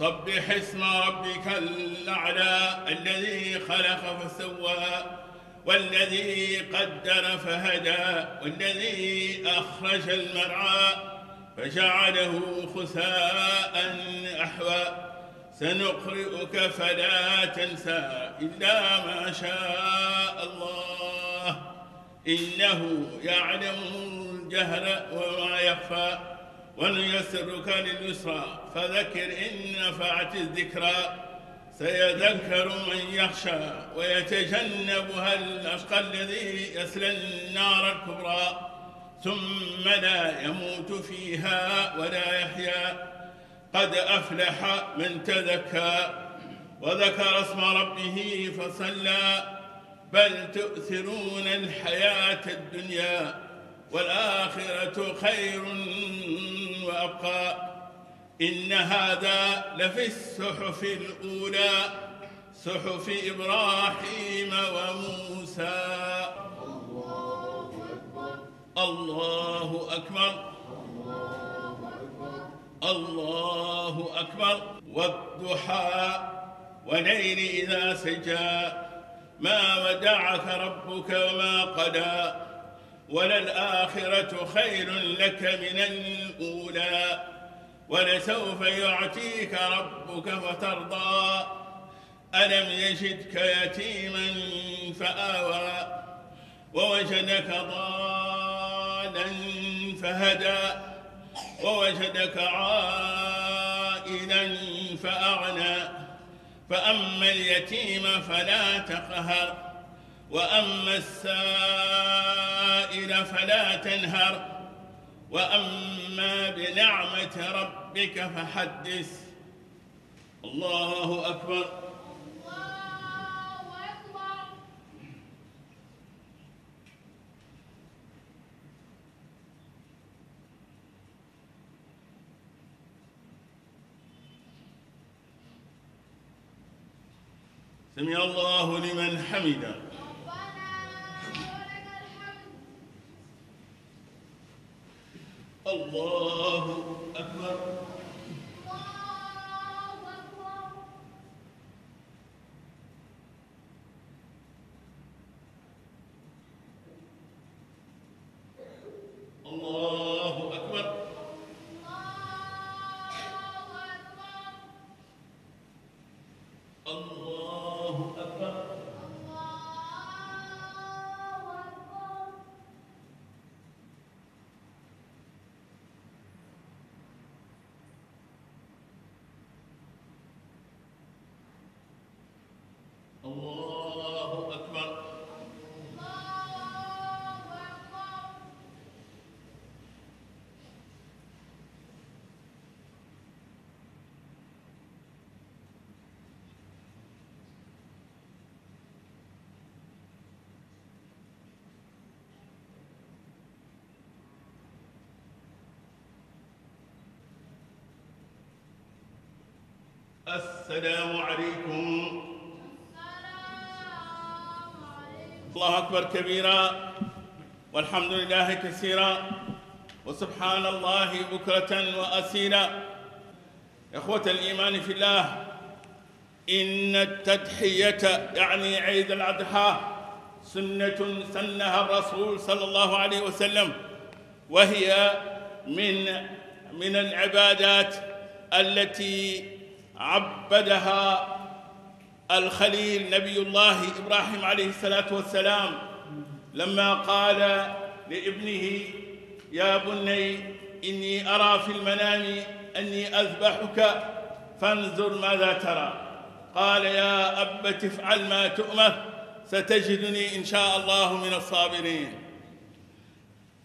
سبح اسم ربك الأعلى الذي خلق فسوى والذي قدر فهدى والذي أخرج المرعى فجعله خساء أحوى سنقرئك فلا تنسى إلا ما شاء الله إنه يعلم الجهر وما يخفى ونيسرك لليسرى فذكر إن نفعت الذكرى سيذكر من يخشى ويتجنبها الأشقى الذي يسلى النار الكبرى ثم لا يموت فيها ولا يحيا قد أفلح من تذكى وذكر اسم ربه فصلى بل تؤثرون الحياة الدنيا والآخرة خير وأبقى إن هذا لفي الصحف الأولى صحف إبراهيم وموسى الله أكبر الله أكبر الله أكبر والضحى والليل إذا سجى ما ودعك ربك وما قدى وللآخرة خير لك من الأولى ولسوف يعطيك ربك فترضى ألم يجدك يتيما فآوى ووجدك ضالا فهدى ووجدك عائلا فأغنى فأما اليتيم فلا تقهر وأما السائل السائل فلا تنهر وأما بنعمة ربك فحدث الله أكبر الله أكبر سمع الله لمن حمده الله أكبر السلام عليكم الله أكبر كبيرا والحمد لله كثيرا وسبحان الله بكرة وأسيرا إخوة الإيمان في الله إن التضحية يعني عيد الأضحى سنة سنها الرسول صلى الله عليه وسلم وهي من من العبادات التي عبدها الخليل نبي الله إبراهيم عليه الصلاة والسلام لما قال لابنه يا بني إني أرى في المنام أني أذبحك فانظر ماذا ترى قال يا أبت افعل ما تؤمر ستجدني إن شاء الله من الصابرين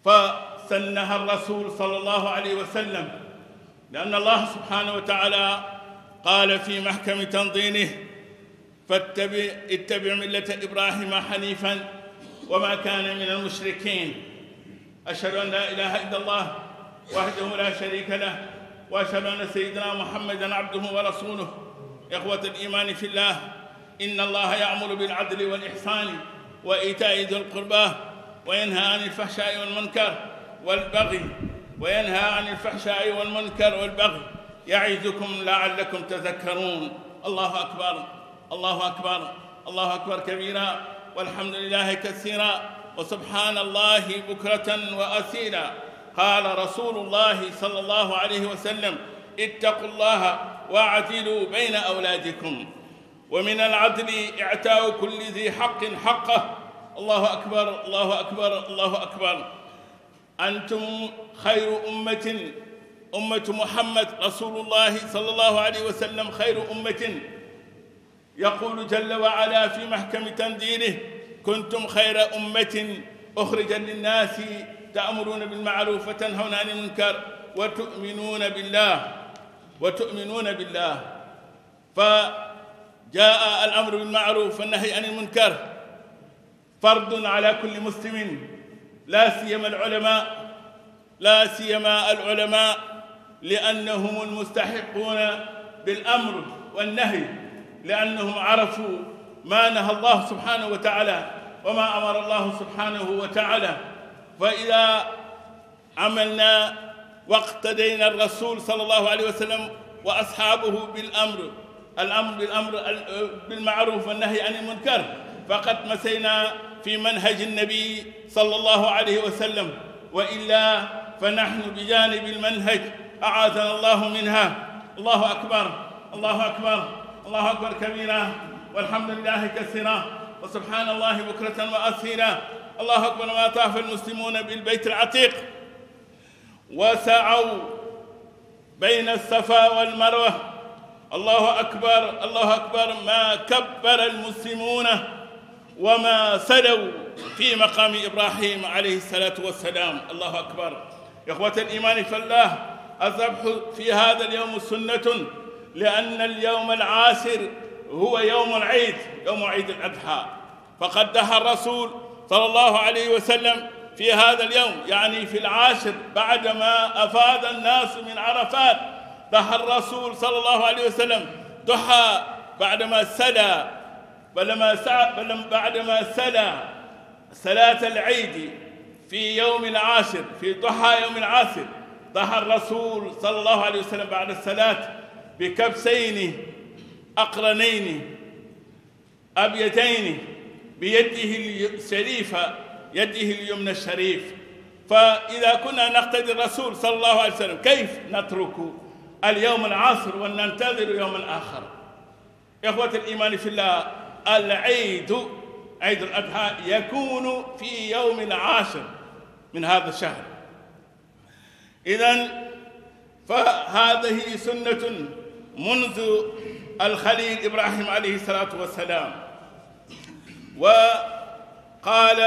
فسنها الرسول صلى الله عليه وسلم لأن الله سبحانه وتعالى قال في محكم تنظيمه فاتبع اتبع ملة إبراهيم حنيفا وما كان من المشركين أشهد أن لا إله إلا الله وحده لا شريك له وأشهد أن سيدنا محمدا عبده ورسوله إخوة الإيمان في الله إن الله يأمر بالعدل والإحسان وإيتاء ذي القربى وينهى عن الفحشاء والمنكر والبغي وينهى عن الفحشاء والمنكر والبغي يعظكم لعلكم تذكرون الله أكبر الله أكبر الله أكبر كبيرا والحمد لله كثيرا وسبحان الله بكرة واسيرا قال رسول الله صلى الله عليه وسلم اتقوا الله واعدلوا بين أولادكم ومن العدل إعتاء كل ذي حق حقه الله أكبر الله أكبر الله أكبر أنتم خير أمة أمة محمد رسول الله صلى الله عليه وسلم خير أمة يقول جل وعلا في محكم تنزيله كنتم خير أمة أخرج للناس تأمرون بالمعروف وتنهون عن المنكر وتؤمنون بالله وتؤمنون بالله فجاء الأمر بالمعروف والنهي عن المنكر فرض على كل مسلم لا سيما العلماء لا سيما العلماء لأنهم المستحقون بالأمر والنهي لأنهم عرفوا ما نهى الله سبحانه وتعالى وما أمر الله سبحانه وتعالى فإذا عملنا واقتدينا الرسول صلى الله عليه وسلم وأصحابه بالأمر الأمر بالأمر بالمعروف والنهي عن المنكر فقد مسينا في منهج النبي صلى الله عليه وسلم وإلا فنحن بجانب المنهج أعاذنا الله منها الله أكبر الله أكبر الله أكبر كبيرا والحمد لله كثيرا وسبحان الله بكرة وأثيرا الله أكبر ما طاف المسلمون بالبيت العتيق وسعوا بين الصفا والمروة الله أكبر الله أكبر ما كبر المسلمون وما سلوا في مقام إبراهيم عليه الصلاة والسلام الله أكبر إخوة الإيمان فالله الذبح في هذا اليوم سنة لأن اليوم العاشر هو يوم العيد يوم عيد الأضحى فقد دها الرسول صلى الله عليه وسلم في هذا اليوم يعني في العاشر بعدما أفاد الناس من عرفات دها الرسول صلى الله عليه وسلم دحى بعدما سلى بلما سعى بعدما سلى صلاة العيد في يوم العاشر في ضحى يوم العاشر ضحى الرسول صلى الله عليه وسلم بعد الصلاة بكبسين أقرنين أبيتين بيده الشريفة يده اليمنى الشريف فإذا كنا نقتدي الرسول صلى الله عليه وسلم كيف نترك اليوم العصر وننتظر يوما آخر إخوة الإيمان في الله العيد عيد الأضحى يكون في يوم العاشر من هذا الشهر إذا فهذه سنة منذ الخليل إبراهيم عليه الصلاة والسلام وقال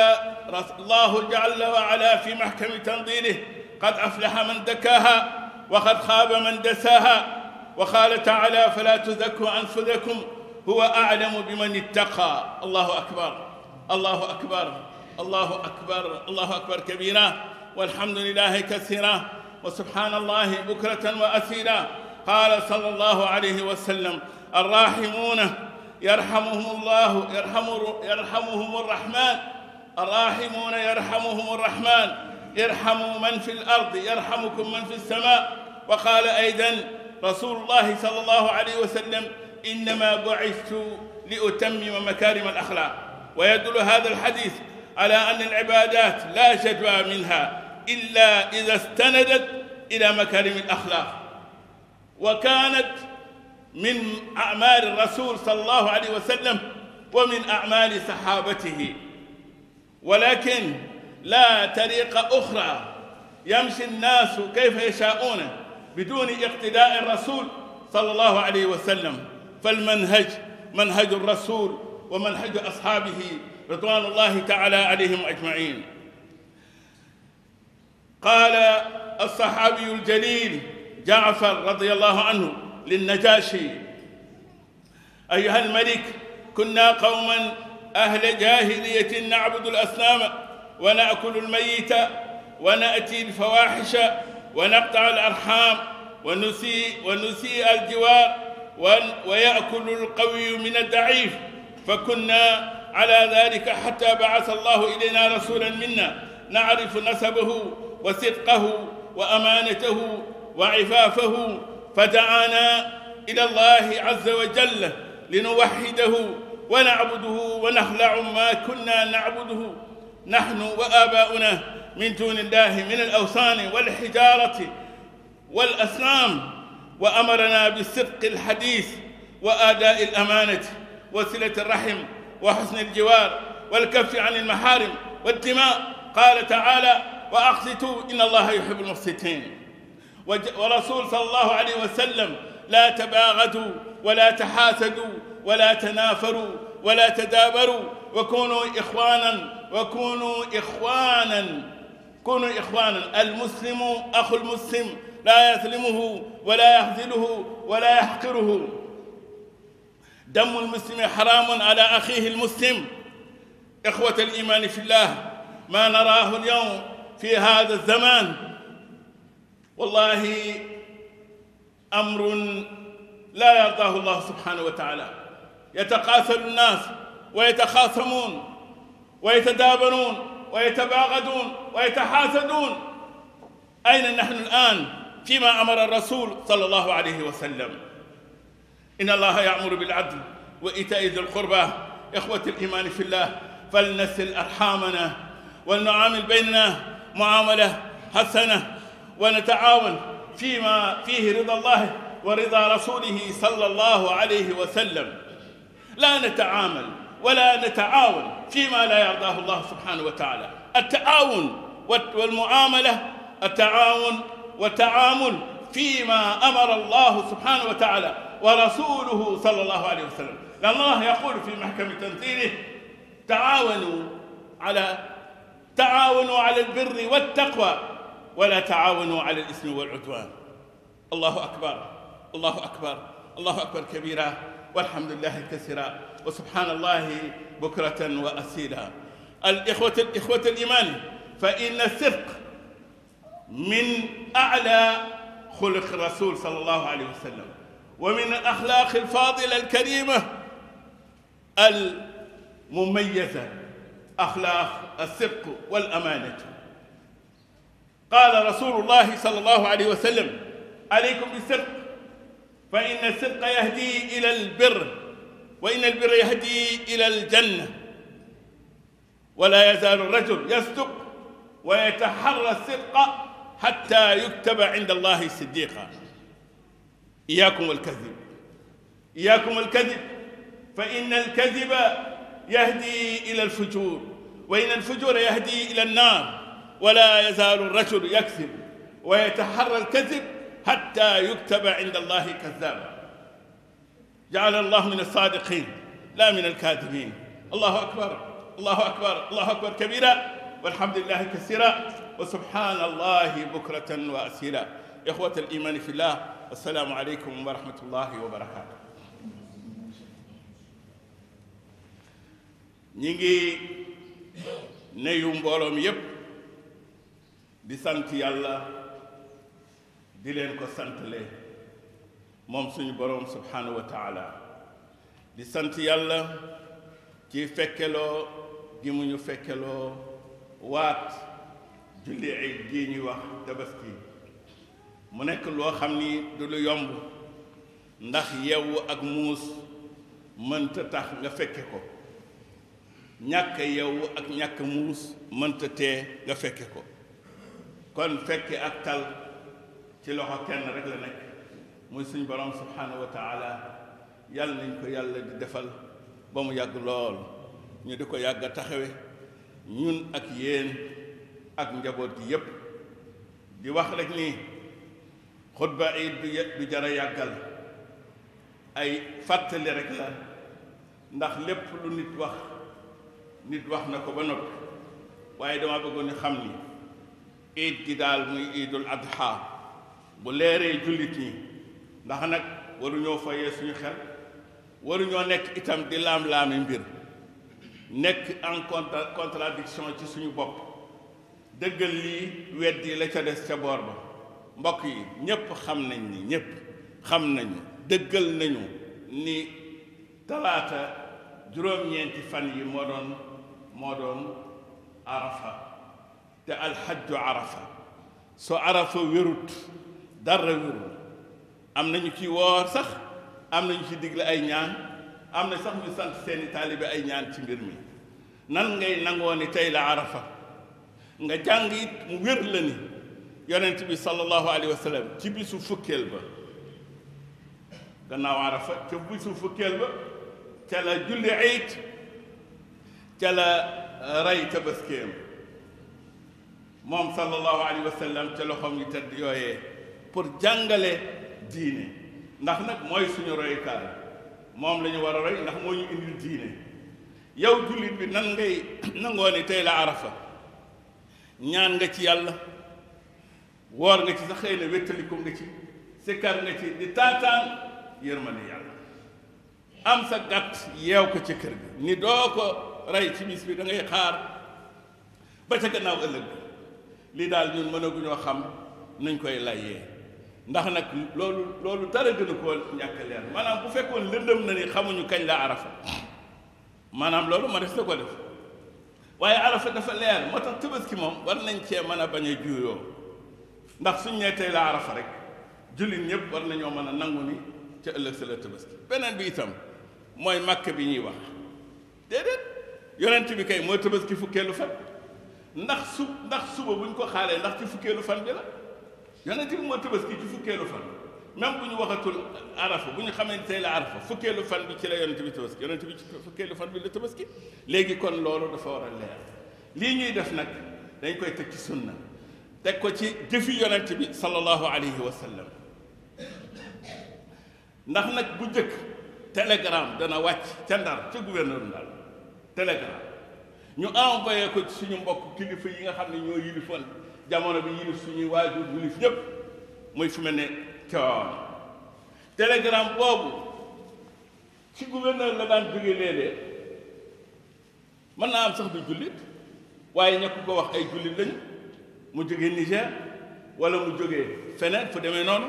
الله جل وعلا في محكم تنظيره قد أفلح من دكاها وقد خاب من دساها وقال تعالى فلا تزكوا أنفسكم هو أعلم بمن اتقى الله أكبر الله أكبر الله أكبر الله أكبر كبيرا والحمد لله كثيرا وسبحان الله بكرة وأثيلا قال صلى الله عليه وسلم الراحمون يرحمهم الله يرحم يرحمهم الرحمن الراحمون يرحمهم الرحمن ارحموا من في الأرض يرحمكم من في السماء وقال أيضا رسول الله صلى الله عليه وسلم إنما بعثت لأتمم مكارم الأخلاق ويدل هذا الحديث على أن العبادات لا شجوى منها إلا إذا استندت إلى مكارم الأخلاق وكانت من أعمال الرسول صلى الله عليه وسلم ومن أعمال صحابته ولكن لا طريقة أخرى يمشي الناس كيف يشاءون بدون اقتداء الرسول صلى الله عليه وسلم فالمنهج منهج الرسول ومنهج أصحابه رضوان الله تعالى عليهم أجمعين قال الصحابي الجليل جعفر رضي الله عنه للنجاشي أيها الملك كنا قوما أهل جاهلية نعبد الأصنام ونأكل الميت ونأتي الفواحش ونقطع الأرحام ونسيء, ونسيء الجوار ويأكل القوي من الضعيف فكنا على ذلك حتى بعث الله إلينا رسولا منا نعرف نسبه وصدقه وأمانته وعفافه فدعانا إلى الله عز وجل لنوحده ونعبده ونخلع ما كنا نعبده نحن وآباؤنا من دون الله من الأوثان والحجارة والأصنام وأمرنا بالصدق الحديث وآداء الأمانة وصلة الرحم وحسن الجوار والكف عن المحارم والدماء قال تعالى وأقسطوا إن الله يحب المقسطين ورسول صلى الله عليه وسلم لا تباغتوا ولا تحاسدوا ولا تنافروا ولا تدابروا وكونوا إخوانا وكونوا إخوانا كونوا إخوانا المسلم أخو المسلم لا يظلمه ولا يخذله ولا يحقره دم المسلم حرام على أخيه المسلم إخوة الإيمان في الله ما نراه اليوم في هذا الزمان والله أمر لا يرضاه الله سبحانه وتعالى يتقاتل الناس ويتخاصمون ويتدابرون ويتباغدون ويتحاسدون أين نحن الآن فيما أمر الرسول صلى الله عليه وسلم إن الله يأمر بالعدل وإيتاء ذي القربى إخوة الإيمان في الله فلنسل أرحامنا ولنعامل بيننا معاملة حسنة ونتعاون فيما فيه رضا الله ورضا رسوله صلى الله عليه وسلم لا نتعامل ولا نتعاون فيما لا يرضاه الله سبحانه وتعالى التعاون والمعاملة التعاون والتعامل فيما أمر الله سبحانه وتعالى ورسوله صلى الله عليه وسلم لأن الله يقول في محكم تنزيله تعاونوا على تعاونوا على البر والتقوى ولا تعاونوا على الإثم والعدوان الله أكبر الله أكبر الله أكبر كبيرا والحمد لله كثيرا وسبحان الله بكرة وأسيلا الإخوة الإخوة الإيمان فإن الصدق من أعلى خلق الرسول صلى الله عليه وسلم ومن الأخلاق الفاضلة الكريمة المميزة أخلاق الصدق والأمانة قال رسول الله صلى الله عليه وسلم عليكم بالصدق فإن الصدق يهدي إلى البر وإن البر يهدي إلى الجنة ولا يزال الرجل يصدق ويتحرى الصدق حتى يكتب عند الله صديقا إياكم الكذب إياكم الكذب فإن الكذب يهدي إلى الفجور وإن الفجور يهدي إلى النار ولا يزال الرجل يكذب ويتحرى الكذب حتى يكتب عند الله كذابا جعل الله من الصادقين لا من الكاذبين الله أكبر الله أكبر الله أكبر كبيرا والحمد لله كثيرا وسبحان الله بكرة وأسيرا إخوة الإيمان في الله السلام عليكم ورحمة الله وبركاته نيجي neyu mbooloom yépp di sant yàlla di leen ko santale moom suñu boroom subhaanahu wa taala di sant yàlla ci fekkeloo gi mu ñu fekkeloo waat julli ay gii ñuy wax tabaski mu nekk loo xam ni du lu yomb ndax yewwu ak muus mënta tax nga fekke ko ñàkk yewwu ak ñàkk muus mënta tee nga fekke ko kon fekke ak tal ci loxo kenn rek la nekk muy suñ borom subhaanahu wa yàlla nañ ko yàlla di defal ba mu yàgg lool ñu di ko yàgg a taxawe ñun ak yéen ak njaboot gi yépp di wax rek nii xutba it du jara yàggal ay fàttali rek la ndax lépp lu nit wax nit wax na ko ba noppi waaye dama bëggoon xam ni iid gi daal muy iidul adha bu leeree jullit yi ndax nag waruñoo fayee suñu xel waruñoo nekk itam di laam-laami mbir nekk en contra contradiction ci suñu bopp dëggal lii weddi la ca des ca boor ba mbokk yi ñépp xam nañ ni ñépp xam nañu dëggal nañu ni talaata juróom-ñeenti fan yi moo doon moo doon arafa te alxajju arafa su arafa wérut dara wérul am nañu ci woor sax am nañu ci digle ay ñaan am na sax ñu sant seeni taalibe ay ñaan ci ngay nangoo ni la arafa nga jàng it mu wér la ni yonent bi sallallahu alayhi wa ci bisu fukkeel ba gannaaw arafa ca bisu fukkeel ba ca la julli ayit جل راي تبسكيم موم صلى الله عليه وسلم جل خم يتد يوهي پر جنگل ديني نحن نك موي سنو راي كار موم لن يوار راي نحن موي اندي ديني يو جلد بي ننغي ننغواني تيلا عرفة نيان نتي يالا وار نتي سخينا ويتلكم نتي سكر نتي دي تاتان يرمني يالا أمسك قط يوكو تكرد ندوكو rey ci bis bi da ngay xaar ba ca gannaaw ëllëg bi lii daal ñun mënaguñoo xam nañ koy layyee ndax nag loolu loolu dara gënu ko ñàkk leer maanaam bu fekkoon lëndëm na ni xamuñu kañ la arafa maanaam loolu ma des na ko def waaye arafa dafa leer moo tax tabaski moom war nañ cee mën a bañ a juuyoo ndax suñ nee tey la arafa rek jullit ñëpp war nañoo mën a nangu ni ca ëllëg sa la tabaski beneen bi itam mooy màkk bi ñuy wax déedéet yonent bi kay mooy tabaski fukkeelu fan ndax su ndax suba bu ñu ko xaalee ndax ci fukkeelu fan bi la yonent bi mooy tabaski ci fukkeelu fan même bu ñu waxatul arafa bu ñu xamee tey la arafa fukkeelu fan bi ci la yonent bi tabaski yonent bi ci fukkeelu fan bi la tabaski léegi kon loolu dafa war a leer lii ñuy def nag dañ koy teg ci sunna teg ko ci jëfi yonent bi sallallahu alayhi wa sallam ndax nag bu njëkk télégramme dana wàcc ca ndar ca gouverneur ndar Telegram ñu envoyé ko ci suñu mbokk kilifa yi nga xam ne ñoo yilifoon jamono bi yilif suñuy waajur yilif ñëpp mooy fu mel ne Tivaouane Telegram boobu ci gouverneur la daan jóge léeg mën naa am sax du jullit waaye ña ko wax ay jullit lañ mu jóge Niger walla mu jóge feneen fu demee noonu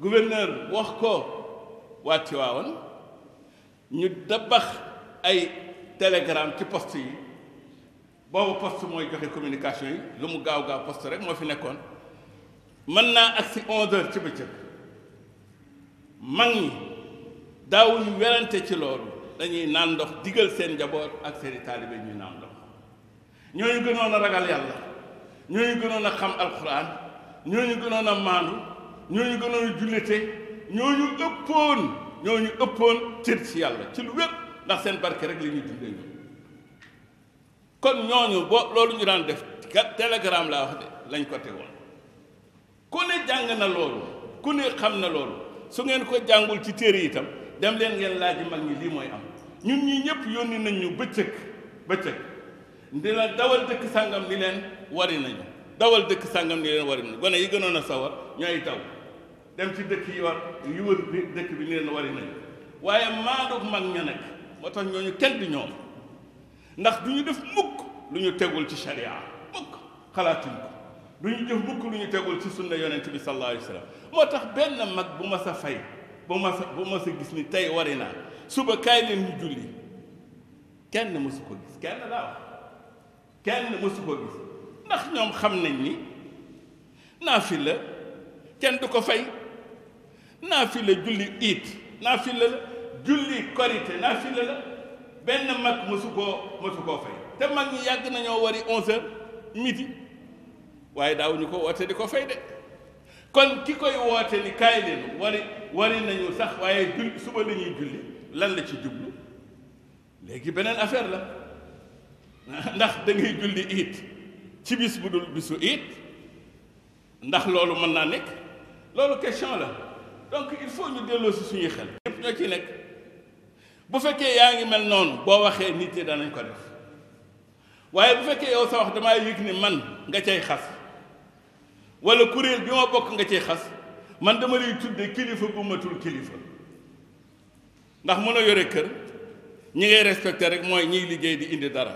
gouverneur wax ko waa Tivaouane ñu dabax ay télégramme ci poste yi boobu post mooy joxe communication yi lu mu gaaw gaaw poste rek moo fi nekkoon mën naa ak si heures ci bëccëg mag ñi daawuñu werante ci loolu dañuy naan ndox digal seen njaboot ak seeni taalibe ñuy naan ndox ñooñu gënoon a ragal yàlla ñooñu gënoon a xam alxuraan ñooñu gënoon a maandu ñooñu gënoon a jullite ñooñu ëppoon ñooñu ëppoon cër ci yàlla ci lu wér ndax seen barke rek la ñuy dundee ñoom kon ñooñu boo loolu ñu daan def telegram laa wax de lañ ko tegoon ku ne jàng na loolu ku ne xam na loolu su ngeen ko jàngul ci téere yitam dem leen ngeen laaj mag ñi lii mooy am ñun ñi ñëpp yónni nañ ñu bëccëg bëccëg dina dawal dëkk sàngam ni leen wari nañu dawal dëkk sàngam ni leen wari nañu gone yi gënoon a sawar ñooy taw dem ci dëkk yi war yu wër dëkk bi ni leen wari nañu waaye maandu mag ña nekk moo tax ñooñu kenn du ñoom ndax du ñu def mukk lu ñu tegul ci sharia mukk xalaatuñ ko du ñu def mukk lu ñu tegul ci sunna yonent bi sallallahu alayhi wa sallam moo tax benn mag bu ma sa fay bu ma sa bu ma sa gis ni tey wari naa suba kaay leen ñu julli kenn mësu ko gis kenn laa wax kenn mësu ko gis ndax ñoom xam nañ ni naafila kenn du ko fay naafila julli iit naafila la julli na fi la ben mak musuko koo mësu fay te mak ñi yag nañu wari 11h midi waye daawuñu ñuko wote diko fay de kon ki koy wote ni kaay leen wari wari nañu sax waye julli suba la ñuy julli lan la ci djublu léegi benen affaire la ndax da ngay julli it ci bis bu dul bisu it ndax lolu mën na nek lolu question la donc il faut ñu delloo ci suñu xel ñëpp ñoo ci nek bu fekkee yaa ngi mel noonu boo waxee nit yi danañ ko def waaye bu fekkee yow sa wax damaa yëg ni man nga cay xas wala kuréel bi ma bokk nga cay xas man dama lay tudde kilifa bu matul kilifa ndax mën a yore kër ñi ngay respecté rek mooy ñiy liggéey di indi dara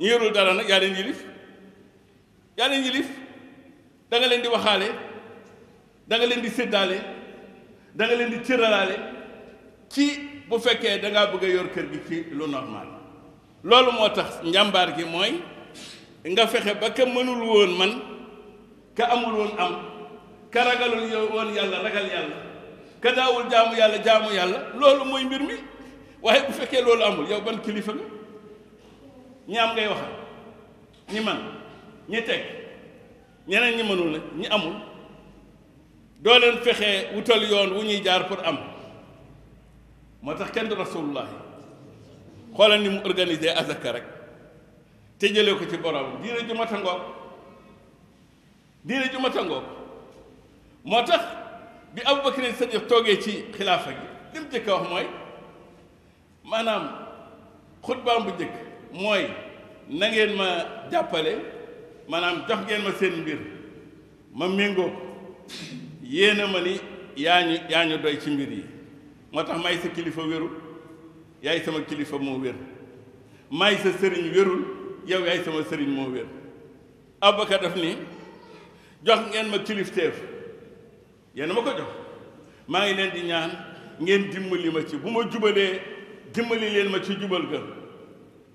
ñi yorul dara nag yaa leen yilif yaa leen yilif da leen di waxaale danga leen di séddaale danga leen di cëralaale ci bu fekkee da ngaa bëgg a yor kër gi ci lu normal loolu moo tax njàmbaar gi mooy nga fexe ba ka mënul woon man ka amul woon am ka ragalul woon yàlla ragal yàlla ka daawul jaamu yàlla jaamu yàlla loolu mooy mbir mi waaye bu fekkee loolu amul yow ban kilifa nga ñi am ngay waxal ñi man ñi teg ñeneen ñi mënul ñi amul doo leen fexe wutal yoon wu ñuy jaar pour am moo tax kenn du rasulullahi xoolal ni mu organiser azaka rek te jëlee ko ci borom diine ju mata ngoog diine ju mata ngoog moo tax bi Abubakar Sadiq toogee ci xilaafa gi li mu njëkk wax mooy maanaam xutbaam bu njëkk mooy nangeen ma jàppale maanaam jox ngeen ma seen mbir ma méngoo ko yéena ma ni yaa ñu yaa ñu doy ci mbir yi moo tax may sa kilifa wérul yaay sama kilifa moo wér may sa sëriñ wérul yow yaay sama sëriñ moo wér Abubakar daf ni jox ngeen ma kilifteef yéen ma ko jox maa ngi leen di ñaan ngeen dimbali ma ci bu ma jubalee dimbali leen ma ci jubal ga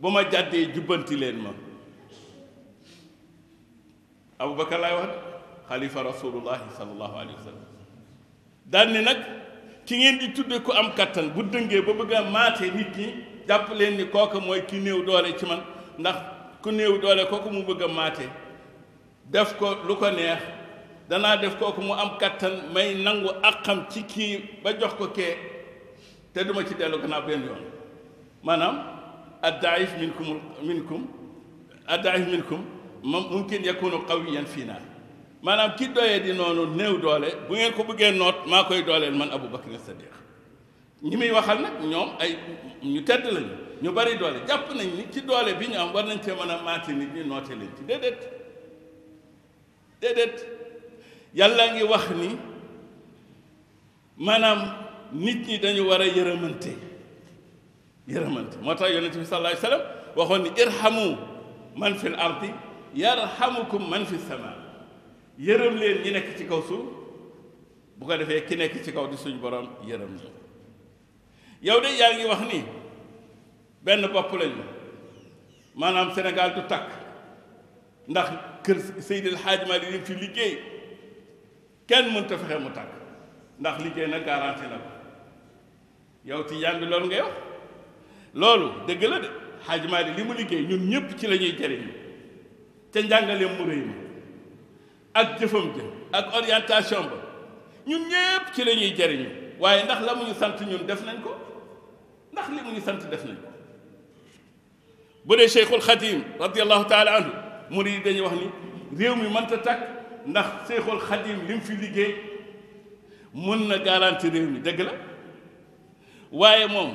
bu ma jàddee jubbanti leen ma Abubakar laay wax xalifa rasulullahi sallallahu alayhi wa sallam daan ni nag ci ngeen di tudde ku am kattan bu dëngee ba bëgg a maate nit ñi jàpp leen ni kooka mooy ki néew doole ci man ndax ku néew doole kooku mu bëgg a maate def ko lu ko neex danaa def kooku mu am kattan may nangu àqam ci kii ba jox ko kee te duma ci dellu gannaaw benn yoon maanaam addaif minkum minkum addaif minkum mumkin yakunu qawiyan fii naa maanaam ki doyee di noonu néew doole bu ngeen ko bëggee noot maa koy dooleel man Abu Bakr As-Siddiq ñi muy waxal nag ñoom ay ñu tedd lañu ñu bari doole jàpp nañ ni ci doole bi ñu am war nañ cee mën a maate nit ñi noote leen ci déedéet déedéet yàlla ngi wax ni maanaam nit ñi dañu war a yërëmante yërëmante moo tax yonent bi sallallahu alayhi wasallam waxoon ni irhamu man fil ardi yarhamukum man fis samaa yërëm leen ñi nekk ci kaw suuf bu ko defee ki nekk ci kaw di suñu borom yërëm la yow de yaa ngi wax nii benn bopp lañu maanaam Sénégal du takk ndax kër Seydil Hadj Malick li fi liggéey kenn mënut a fexe mu takk ndax liggéey na garanti na ko yow tijaan bi loolu ngay wax loolu dëgg la de Hadj Malick li mu liggéey ñun ñëpp ci lañuy ñuy ca njàngaleem mu rëy ma ak jëfam ja ak orientation ba ñun ñëpp ci la ñuy jëriñu waaye ndax la mu ñu sant ñun def nañ ko ndax li mu ñu sant def nañ ko bu dee cheikhul xadim radiallahu taala anhu murid yi dañuy wax ni réew mi mënta takk ndax cheikhul xadim li mu fi liggéey mën na garanti réew mi dëgg la waaye moom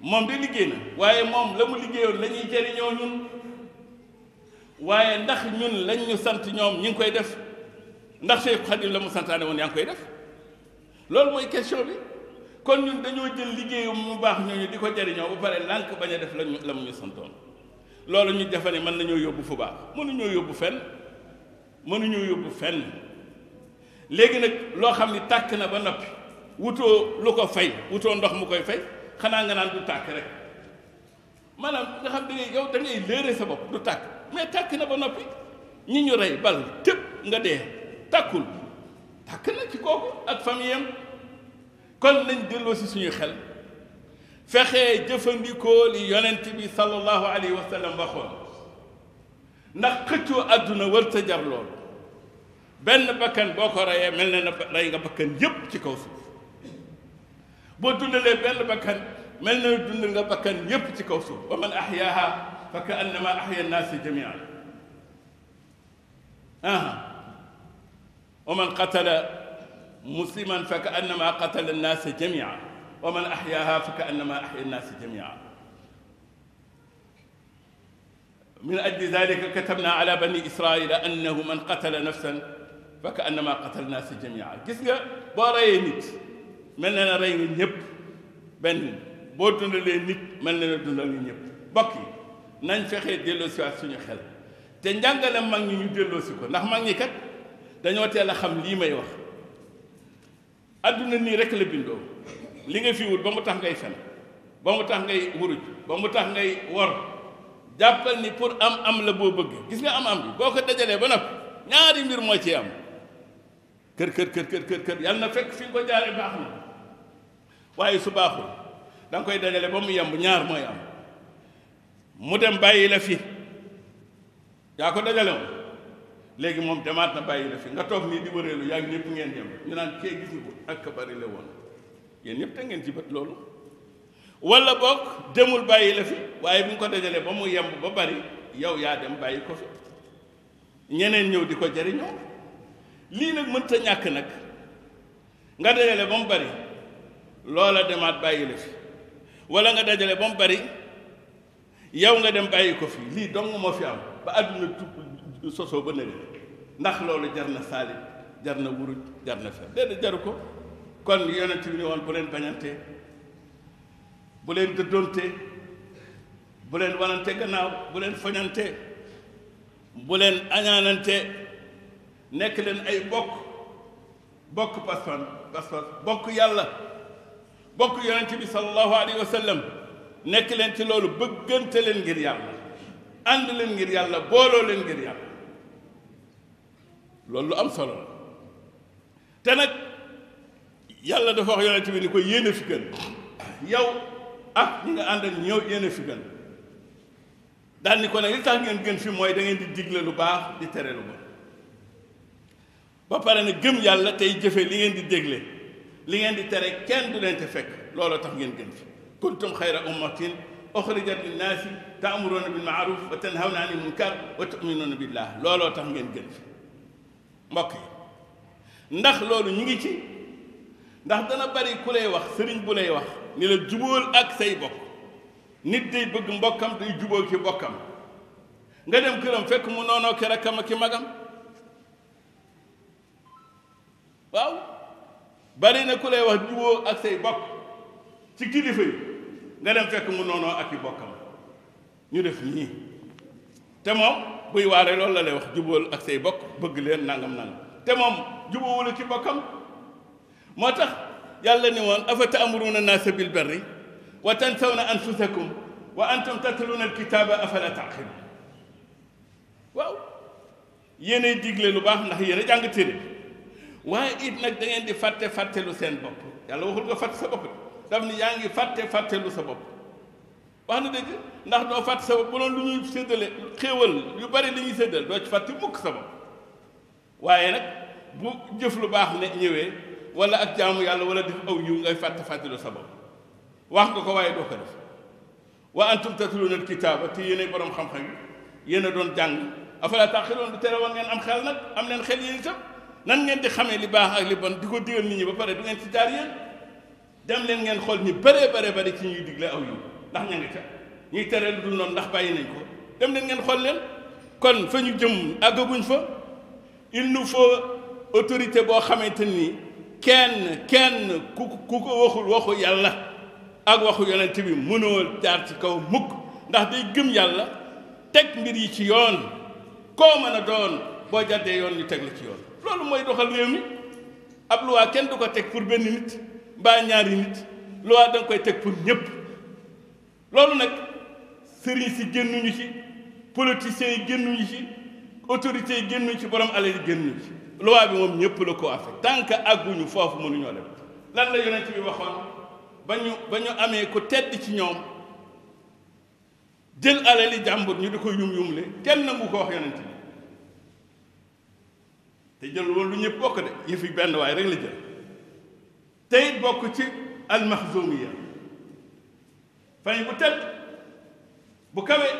moom de liggéey na waaye moom la mu liggéeyoon la ñuy jëriñoo ñun waaye ndax ñun lañu sant ñoom ñu ngi koy def ndax Cheikh Khadim la mu santaane woon yaa ngi koy def loolu mooy question bi kon ñun dañoo jël liggéeyam mu baax ñooñu di ko jariñoo bu pare lànk bañ a def lañu la mu ñu santoon loolu ñu defe ne mën nañoo yóbbu fu baax mënuñoo yóbbu fenn mënuñoo yóbbu fenn léegi nag loo xam ni tàkk na ba noppi wutoo lu ko fay wutoo ndox mu koy fay xanaa nga naan du tàkk rek manam nga xam ne yow da ngay léere sa bopp du tàkk mais tàkk na ba noppi ñi ñu rey bal tëpp nga dee tàkkul tàkk na ci kooku ak famiyam kon nañ delloo si suñu xel fexee jëfandikoo li yonent bi sallallahu alayhi wa sallam waxoon ndax xëccoo àdduna wër sa jar lool benn bakkan boo ko reyee mel na na rey nga bakkan yépp ci kaw suuf boo dundalee benn bakkan من لا يدن الغبا كان يبتك وصوب ومن أحياها فكأنما أحيا الناس جميعا آه. ومن قتل مسلما فكأنما قتل الناس جميعا ومن أحياها فكأنما أحيا الناس جميعا من أجل ذلك كتبنا على بني إسرائيل أنه من قتل نفسا فكأنما قتل الناس جميعا قسنا بارين من أنا رين يب بني boo dundalee nit mën leen a dundal ñu ñëpp mbokk yi nañ fexee delloosiwaat suñu xel te njàngale mag ñi ñu delloosi ko ndax mag ñi kat dañoo teel a xam lii may wax adduna nii rek la bindoo li nga fi wut ba mu tax ngay fen ba mu tax ngay wuruj ba mu tax ngay wor jàppal ni pour am am la boo bëgg gis nga am am bi boo ko dajalee ba noppi ñaari mbir moo ci am kër kër kër kër kër kër yàlla na fekk fi nga ko jaaree baax na waaye su baaxul danga koy dajale ba mu yemb ñaar mooy am mu dem bàyyi la fi yaa ko dajale woon léegi moom demaat na bàyyi fi nga toog nii di wëreelu yaa ngi ñëpp ngeen yem ñu naan kee gis ko ak bari la woon yéen te ngeen ci bët loolu walla boog demul bàyyi la fi waaye bi ko dajalee ba mu yemb ba bari yow yaa dem bàyyi ko fi ñeneen ñëw di ko jariñoo lii nag mënta ñàkk nag nga dajale ba mu bari loola demaat bàyyi la fi wala nga dajale ba mu bari yow nga dem bàyyi ko fi lii dong moo fi am ba àdduna tukk sosoo ba nële ndax loolu jar na saalit jar na wuruj jar na fer déedéet jaru ko kon yonent bi ne woon bu leen bañante bu leen dëddoonte bu leen wanante gannaaw bu leen foñante bu leen añaanante nekk leen ay bokk bokk pas-pas bokk yàlla bokk yonent bi sallallahu alayhi wa sallam nekk leen ci loolu bëggante leen ngir yàlla ànd leen ngir yàlla booloo leen ngir yàlla loolu lu am solo la te nag yàlla dafa wax yonent bi ni ko yéene fi gën ak ñi nga àndal ñëw yéene fi gën ko nag li tax ngeen gën fi mooy dangeen di digle lu baax di tere lu bon ba pare na gëm yàlla tey jëfe li ngeen di dégle li ngeen di tere kenn du leen te fekk looloo tax ngeen gën fi kuntum xayra ummatin uxrijat linnaasi taamuruuna bil maaruf wa tanhawna anil munkar wa tuminuuna billah looloo tax ngeen gën fi mbokk yi ndax loolu ñu ngi ci ndax dana bari ku lay wax sëriñ bu lay wax ni la jubóol ak say bokk nit day bëgg mbokkam day jubóo ki mbokkam nga dem këram fekk mu noonoo ki rakkam ak ki magam waaw bari na ku lay wax juboo ak say bokk ci kilifa yi nga dem fekk mu noonoo ak i bokkam ñu def nii te moom buy waare loolu la lay wax jubool ak say bokk bëgg leen nangam nangam te moom jubóowul ki bokkam moo tax yàlla ni woon afa taamuruna naasa bil berri wa tansawna anfusakum wa antum tatluna alkitaba afala taqilun waaw yéenay digle lu baax ndax yéen a jàng téere waaye it nag da ngeen di fàtte fàttelu seen bopp yàlla waxul nga fàtte sa bopp daf ni yaa ngi fàtte fàttelu sa bopp wax na dëgg ndax doo fàtte sa bopp bu doon lu ñuy séddale xéewal yu bari li ñuy séddale doo ci fàtte mukk sa bopp waaye nag bu jëf lu baax ne ñëwee wala ak jaamu yàlla wala def aw yiw ngay fàtte fàttelu sa bopp wax nga ko waaye doo ko def wa antum tatluuna alkitaaba te yéenay borom xam-xam yi yéen a doon jàng afala taqiloon du tere woon ngeen am xel nag am leen xel yéen itam nan ngeen di xamee li baax ak li bon di ko digal nit ñi ba pare du ngeen ci jaar yéen dem leen ngeen xool ñu bare bare bare ci ñuy digle aw yiw ndax ña nga ca ñuy tere lu dul noonu ndax bàyyi nañ ko dem leen ngeen xool leen kon fa ñu jëm àggaguñ fa il nous faut autorité boo xamante ni kenn kenn ku ku ko waxul waxu yàlla ak waxu yonent bi mënoo jaar ci kaw mukk ndax day gëm yàlla teg mbir yi ci yoon koo mën a doon boo jàddee yoon ñu teg la ci yoon loolu mooy doxal réew mi ab loi kenn du ko teg pour benn nit baa ñaari nit loi da nga koy teg pour ñëpp loolu nag sëriñ si génnuñu ci politiciens yi génnuñu ci autorités yi génnuñu ci borom alal yi génnuñu ci loi bi moom ñëpp la ko affecté tant que àgguñu foofu mënuñoo dem lan la yonent bi waxoon ba ñu ba ñu amee ku tedd ci ñoom jël alali jàmbur ñu di ko yum yumle kenn nangu ko wax yonent bi te jël wala lu ñëpp bokk de yëf yi benn waaye rek la jël tey bokk ci almaxzumiya fay bu tedd bu kawee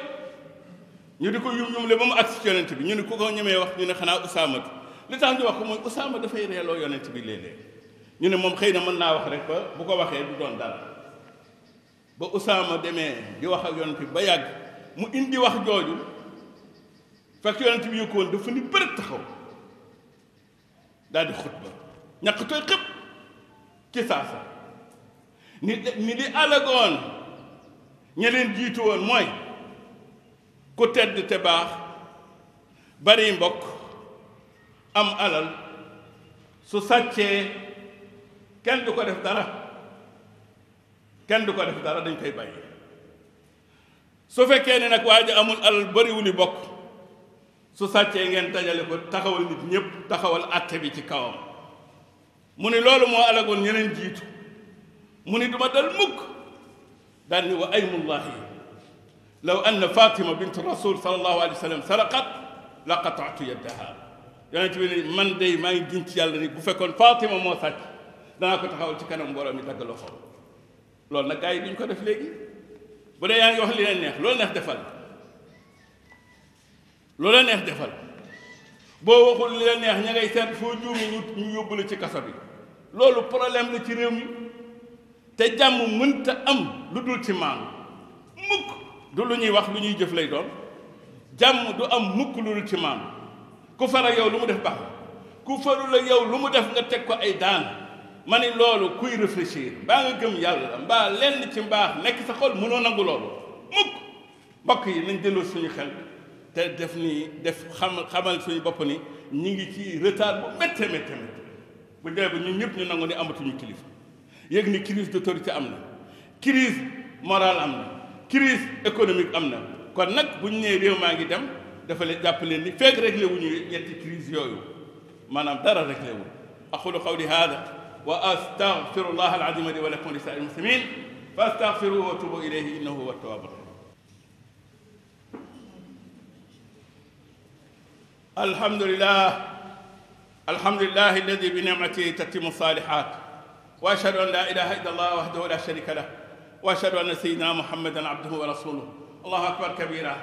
ñu di ko yum yumle ba mu agsi ci yonent bi ñu ne ku ko ñemee wax ñu ne xanaa usaamatu li tax ñu wax ko mooy usaama dafay reeloo yonent bi léeg ñu ne moom xëy na mën naa wax rek ba bu ko waxee du doon dara ba usaama demee di wax ak yonent bi ba yàgg mu indi wax jooju fekk yonent bi yëkkoon dafa ni bëri taxaw daal di xutba ñàkk tooy xëpp ci saasa ni ni di alagoon ña leen jiitu woon mooy ku tedd te baax bari mbokk am alal su sàccee kenn du ko def dara kenn du ko def dara dañ koy bàyyi su fekkee ne nag waa ji amul alal bariwuli bokk su sàccee ngeen dajale ko taxawal nit ñëpp taxawal atte bi ci kawam mu ni loolu moo alagoon ñeneen jiitu mu ni duma dal mukk daan ni wa aymullahi law anna fatima bintu rasul sallallahu alayhi wa sallam saraqat la qataatu yaddaha yonent bi ni man day maa ngi giñ ci yàlla ni bu fekkoon fatima moo sàcc danaa ko taxawal ci kanam borom mi dagg loxo loolu nag gars yi duñ ko def léegi bu dee yaa ngi wax li leen neex loolu neex defal lu la neex defal boo waxul li la neex ña ngay seet foo juumi ñu ñu yóbbu la ci kaso bi loolu problème la ci réew mi te jàmm mënta am lu dul ci maanu mukk du lu ñuy wax lu ñuy jëf lay doon jàmm du am mukk lu dul ci maanu ku fara yow lu mu def baax ku faru la yow lu mu def nga teg ko ay daan ma ni loolu kuy réfléchir mbaa nga gëm yàlla mbaa lenn ci mbaax nekk sa xol mënoo nangu loolu mukk mbokk yi nañ delloo suñu xel te def ni def xam xamal suñu bopp ni ñu ngi ci retard bu méttee méttee méttee bu dee ba ñun ñëpp ñu nangu ni amatuñu kilifa yëg ni crise d'autorité am na crise morale am na crise économique am na kon nag bu ñu réew maa ngi dem dafa leen jàpp leen ni feeg réglé wu ñetti crise yooyu maanaam dara réglé wu aqulu qawli hada wa astaghfirullah alazim li wa lakum li saa'il muslimin fa astaghfiruhu wa tubu ilayhi innahu huwa tawwab الحمد لله الحمد لله الذي بنعمته تتم الصالحات واشهد ان لا اله الا الله وحده لا شريك له واشهد ان سيدنا محمدا عبده ورسوله الله اكبر كبيرا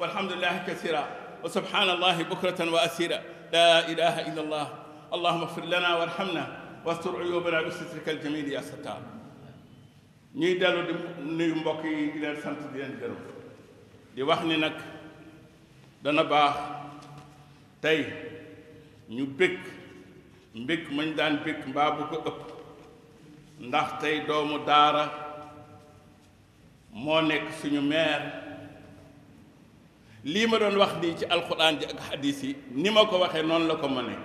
والحمد لله كثيرا وسبحان الله بكره واسيرا لا اله الا الله اللهم اغفر لنا وارحمنا واستر عيوبنا بسترك الجميل يا ستار ني دالو دي nuyu mbokk yi di leen sant di leen gërëm di wax ni nag dana tey ñu bëgg mbëgg mañ daan bëgg mbaa bu ko ëpp ndax tey doomu daara moo nekk suñu meer lii ma doon wax nii ci alxuraan ji ak xadiis yi ni ma ko waxee noonu la ko ma ne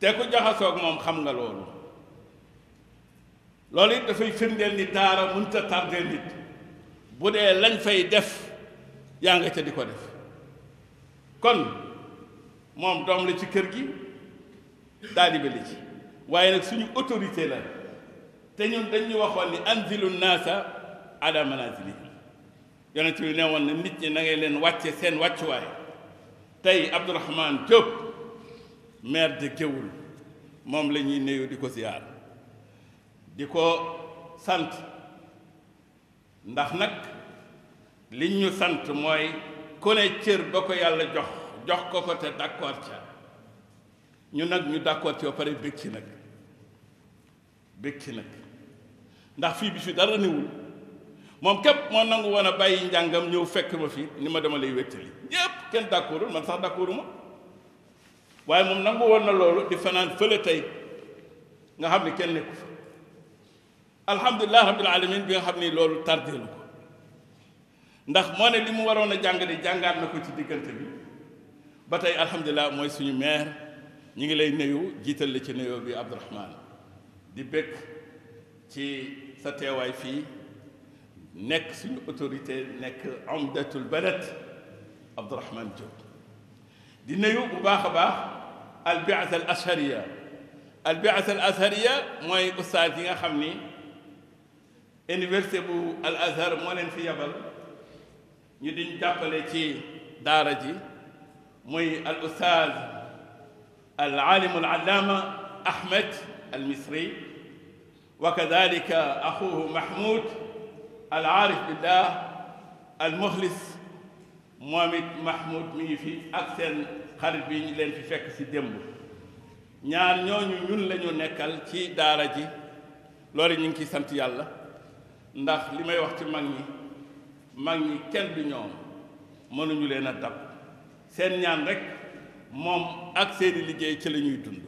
te ku jaxasoog moom xam nga loolu loolu it dafay firndeel ni daara mënut a tardeel nit bu dee lañ fay def yaa nga ca di ko def kon moom doom la ci kër gi taalibe la ci waaye nag suñu autorité la te ñun dañu waxoon ni anzilu naasa ala manazilihim yonent bi ne woon na nit ñi na leen wàcce seen wàccuwaay tey Abdourahmane Diop maire de moom lañuy ñuy di ko ziar di ko sant ndax nag li ñu sant mooy ku ne cër ba ko yàlla jox jox ko ko te d'accord ca ñu nag ñu d'accord ci ba pare bëgg ci nag bëgg ci nag ndax fii bi fi dara niwul moom képp moo nangu woon a bàyyi njàngam ñëw fekk ma fi ni ma dama lay wéttali ñépp kenn d'accordul man sax d'accorduma waaye moom nangu woon na loolu di fanaan fële tey nga xam ni kenn nekku fa alhamdulilah rabbil alamin bi nga xam ni loolu tardé na ko ndax moo ne li mu waroon a jàngale jàngaat na ko ci diggante bi ba tey alhamdulilah mooy suñu maire ñi ngi lay nuyu jiital la ci nuyoo bi Abdourahmane di bëgg ci sa teewaay fii nekk suñu autorité nekk omdatul balad Abdourahmane Diop di nuyu bu baax a baax albiata al ashariya albiata al ashariya mooy ustaas yi nga xam ni université bu al azhar moo leen fi yabal ñu diñ jàppale ci daara ji مي الأستاذ العالم العلامة أحمد المصري وكذلك أخوه محمود العارف بالله المخلص محمد محمود مي في أكثر خارج بين لين في فك سيدمبو نيار نيو نيون لا نيو نيكال تي دارا جي لوري نينكي سانت يالا نداخ لي ماي واخ تي ماغني ماغني كين دي نيوم مانو نيو لينا داب seen ñaan rek moom ak seeni liggéey ci la ñuy dund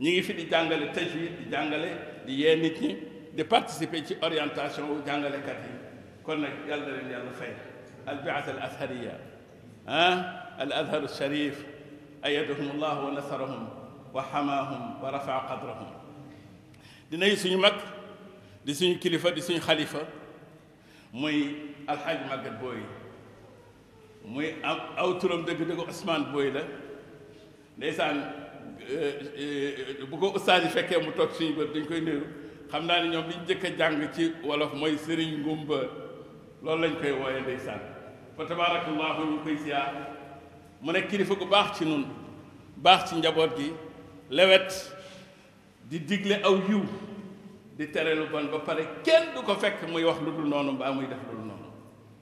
ñi ngi fi di jàngale tajwid di jàngale di yee nit ñi di participer ci orientation wu jàngalekat yi kon nag yàlla na leen yàlla fay albiat al azhariya ah al azhar sharif ayadahum allah wa nasarahum wa xamaahum wa rafaa qadrahum dinay suñu mag di suñu kilifa di suñu xalifa muy alxaaj magat booy muy am aw turam dëgg-dëggu Ousmane booy la ndeysaan euh, bu ko ustaas fekkee mu toog suñu bët dañ koy nuyu xam naa ne ñoom liñ njëkk a jàng ci wolof mooy sëriñ ngumba loolu lañ koy wooyee ndeysaan fa tabaarakallaahu ñu koy ziar mu ne kilifa gu baax ci nun baax ci njaboot gi lewet di digle aw yiw di tere lu bon ba pare kenn du ko fekk muy wax lu dul noonu mbaa muy def lu dul noonu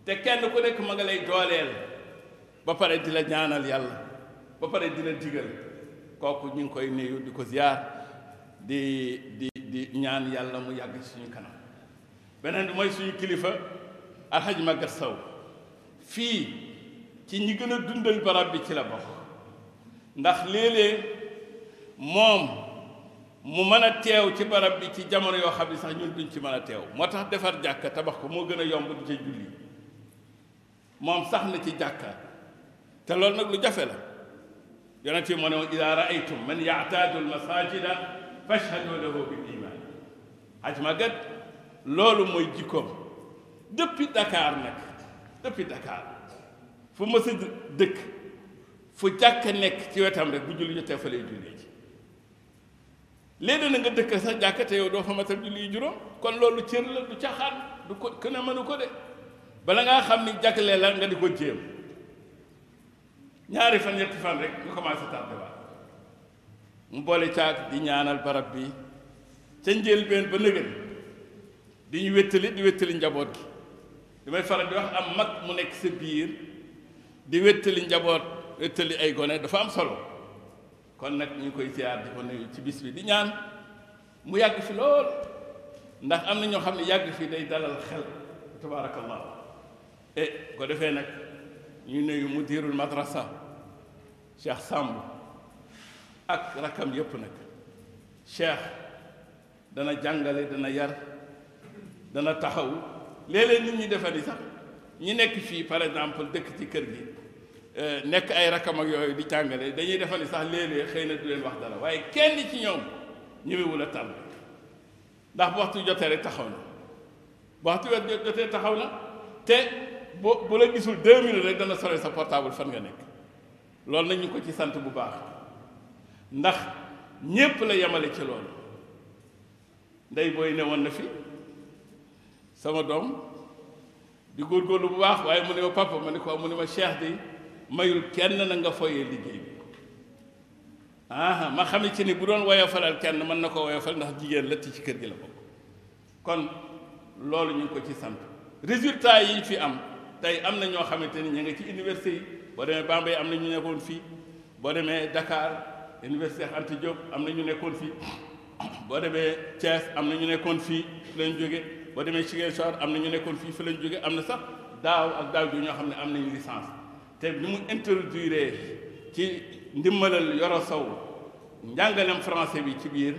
te kenn ku nekk ma nga ba pare di la ñaanal yàlla ba pare di la digal kooku ñu ngi koy nuyu di ko ziar di di di ñaan yàlla mu yàgg ci suñu kanam beneen bi mooy suñu kilifa alxaj Magat Sow fii ci ñi gën a dundal barab bi ci la bokk ndax léeg-léeg moom mu mën a teew ci barab bi ci jamono yoo xam ne sax ñun duñ ci mën a teew moo tax defar jàkka tabax ko moo gën a yomb di ca julli mom sax na ci jàkka te lol nak lu jafe la yonati mo ne ila raaytum man ya'tadu al almasajida fashhadu lahu bil iman haj magat lolou moy jikom depuis Dakar nak depuis Dakar fu mës a dëkk fu jàkka nek ci wetam rek bu julli jotee fa lay jullee ji léegi nga dëkk sax jàkka te yow do fa matal julli juro kon lolou ciir la du caxaan du ko kenn mënu ko de bala ngaa xam ni jàkkalee la nga di ko jéem ñaari fan ñetti fan rek nga commencé tardewaa mu boole caag di ñaanal barab bi ca njëlbeen ba nëgën di ñu wéttali di wéttali njaboot gi damay faral di wax am mag mu nekk sa biir di wéttali njaboot wéttali ay gone dafa am solo kon nag ñu ngi koy ziar di ko nuyu ci bis bi di ñaan mu yàgg fi lool ndax am na ñoo xam ne yàgg fi day dalal xel tabaarakallahu e ko defee nag ñu nuyu mudirul madrasa cheikh sàmb ak rakam yépp nag cheikh dana jàngale dana yar dana taxaw léeg-léeg nit ñi defe ni sax ñi nekk fii par exemple dëkk ci kër gi nekk ay rakam ak yooyu di jàngale dañuy defe ni sax léeg-léeg xëy na du leen wax dara waaye kenn ci ñoom ñëwewul a tàll ndax bu waxtu jotee rek taxaw na bu waxtu jotee taxaw na te boo bu la gisul deux minutes rek dana sore sa portable fan nga nekk loolu nañu ko ci sant bu baax ndax ñépp la yemale ci loolu ndey booy newoon na fi sama doom di góorgóorlu bu baax waaye mu ne ma papa ma ni ko mu ne ma cheikh di mayul kenn na nga foyee liggéey bi ah, ma xam ne ci ni bu doon woyofalal kenn mën na ko woyofal ndax jigéen lëtt ci kër gi la bokk kon loolu ñu ko ci sant résultat yi fi am tey am na ñoo xamante ni ñu ngi ci université yi boo demee Bambey am na ñu nekkoon fii boo demee Dakar université Anta Diop am na ñu nekkoon fii boo demee Thiès am na ñu nekkoon fii fi lañ jóge boo demee Ziguinchor am na ñu nekkoon fii fi lañ jóge am na sax daaw ak daaw ju ñoo xam ne am nañu licence te ni mu introduire ci ndimbalal Yoro saw njàngalem français bi ci biir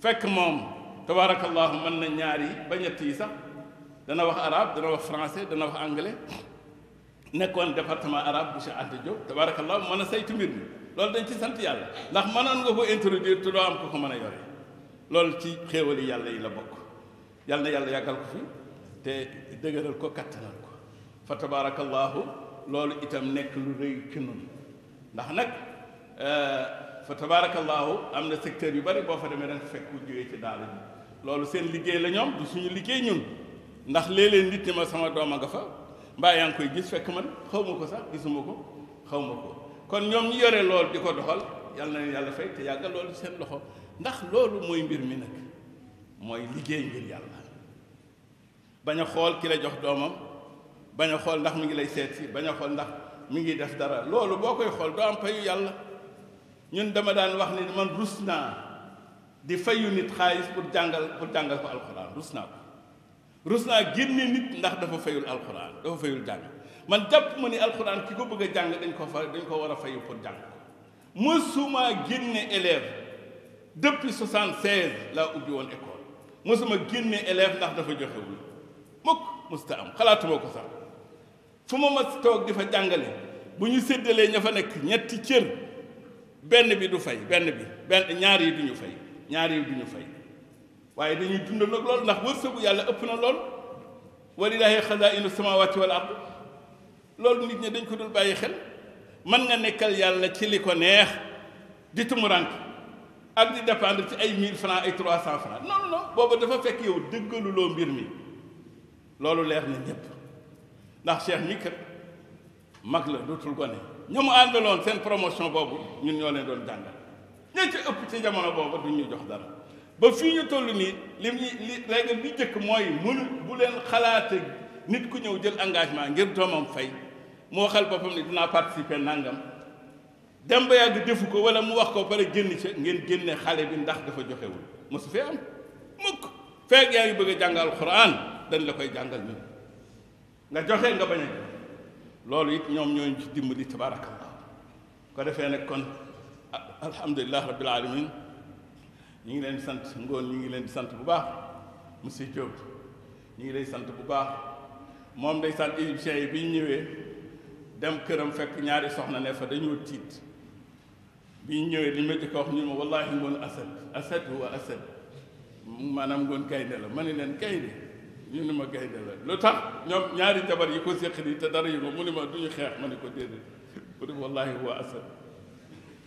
fekk moom tabarakallahu mën na ñaar yi ba ñett yi sax dana wax arab dana wax français dana wax anglais nekkoon département arabe monsieur Anta Diop tabarakallah mën a saytu mbir mi loolu dañ ci sant yàlla ndax mënoon nga ko introduire te doo am ko ko mën a yore loolu ci xéewali yàlla yi la bokk yàlla na yàlla yàggal ko fi te dëgëral ko kattanal ko fa tabarakallahu loolu itam nekk lu rëy ci nun ndax nag fa tabarakallahu am na secteur yu bari boo fa demee da nga fekk jógee ci daal loolu seen liggéey la ñoom du suñu liggéey ñun ndax léeg-léeg nit ñi ma sama doom a nga fa mbaa yaa ngi koy gis fekk man xaw ko sax gisuma ko xaw ko kon ñoom ñu yore lool di ko doxal yàlla na yàlla fay te yàggal loolu seen loxo ndax loolu mooy mbir mi nag mooy liggéey ngir yàlla bañ a xool ki la jox doomam bañ a xool ndax mi ngi lay seet si bañ a xool ndax mi ngi def dara loolu boo koy xool doo am payu yàlla ñun dama daan wax ni man rus naa di fayu nit xaalis pour jàngal pour jàngal ko alxuraan rus naa ko rus naa génne nit ndax dafa fayul alxuraan dafa fayul jàng man jàpp ma ni alxuraan ki ko bëgg a jàng dañ ko fa dañ ko war a fayu pour jàng mësuma génne élève depuis 76 laa ubbi woon école mësuma génne élève ndax dafa joxewul mukk musta am xalaatuma ko sax fu ma mas toog di fa jàngale bu ñu séddalee ña fa nekk ñetti cër benn bi du fay benn bi benn ñaar yi du ñu fay ñaar yi du ñu fay waaye dañuy dund nag lool ndax wërsëgu yàlla ëpp na lool walilahi xazainu samawati wal ard loolu nit ñi dañ ko dul bàyyi xel man nga nekkal yàlla ci li ko neex di tumurank ak di dépendre ci ay 1000 francs ay 300 francs non non booba dafa fekk yow dëggaluloo mbir mi loolu leer na ñëpp ndax cheikh mi kat mag la dootul gone ña mu àndaloon seen promotion boobu ñun ñoo leen doon jàngal ña ci ëpp ci jamono boobu duñ ñu jox dara ba fii ñu toll nii li li règle bi njëkk mooy mënu bu leen xalaate nit ku ñëw jël engagement ngir doomam fay mu waxal boppam ne dinaa participer nangam dem ba yàgg defu ko wala mu wax ko pare génn ca ngeen génne xale bi ndax dafa joxewul mosu fee am mukk feeg yaa ngi bëgg a jàngal Alxuraan dañ la koy jàngal ñun nga joxe nga bañ a joxe loolu it ñoom ñooñu ci dimbali tabaarakallah ko defee nag kon alhamdulilah rabbil alamin ñu ngi leen sant ngoon ñu ngi leen di sant bu baax monsieur Diop ñu ngi lay sant bu baax moom ndeysaan égyptiens yi bi ñu ñëwee dem këram fekk ñaari soxna ne fa dañoo tiit bi ñu ñëwee li ma jëkk wax ñu ma wallahi ngoon asad asad huwa asad maanaam ngoon gaynde la ma ne leen gaynde ñu ne ma gaynde la lu tax ñoom ñaari jabar yi ko séq nii te dara yu ma mu ne ma duñu xeex ma ne ko déedéet mu ne wallahi huwa asad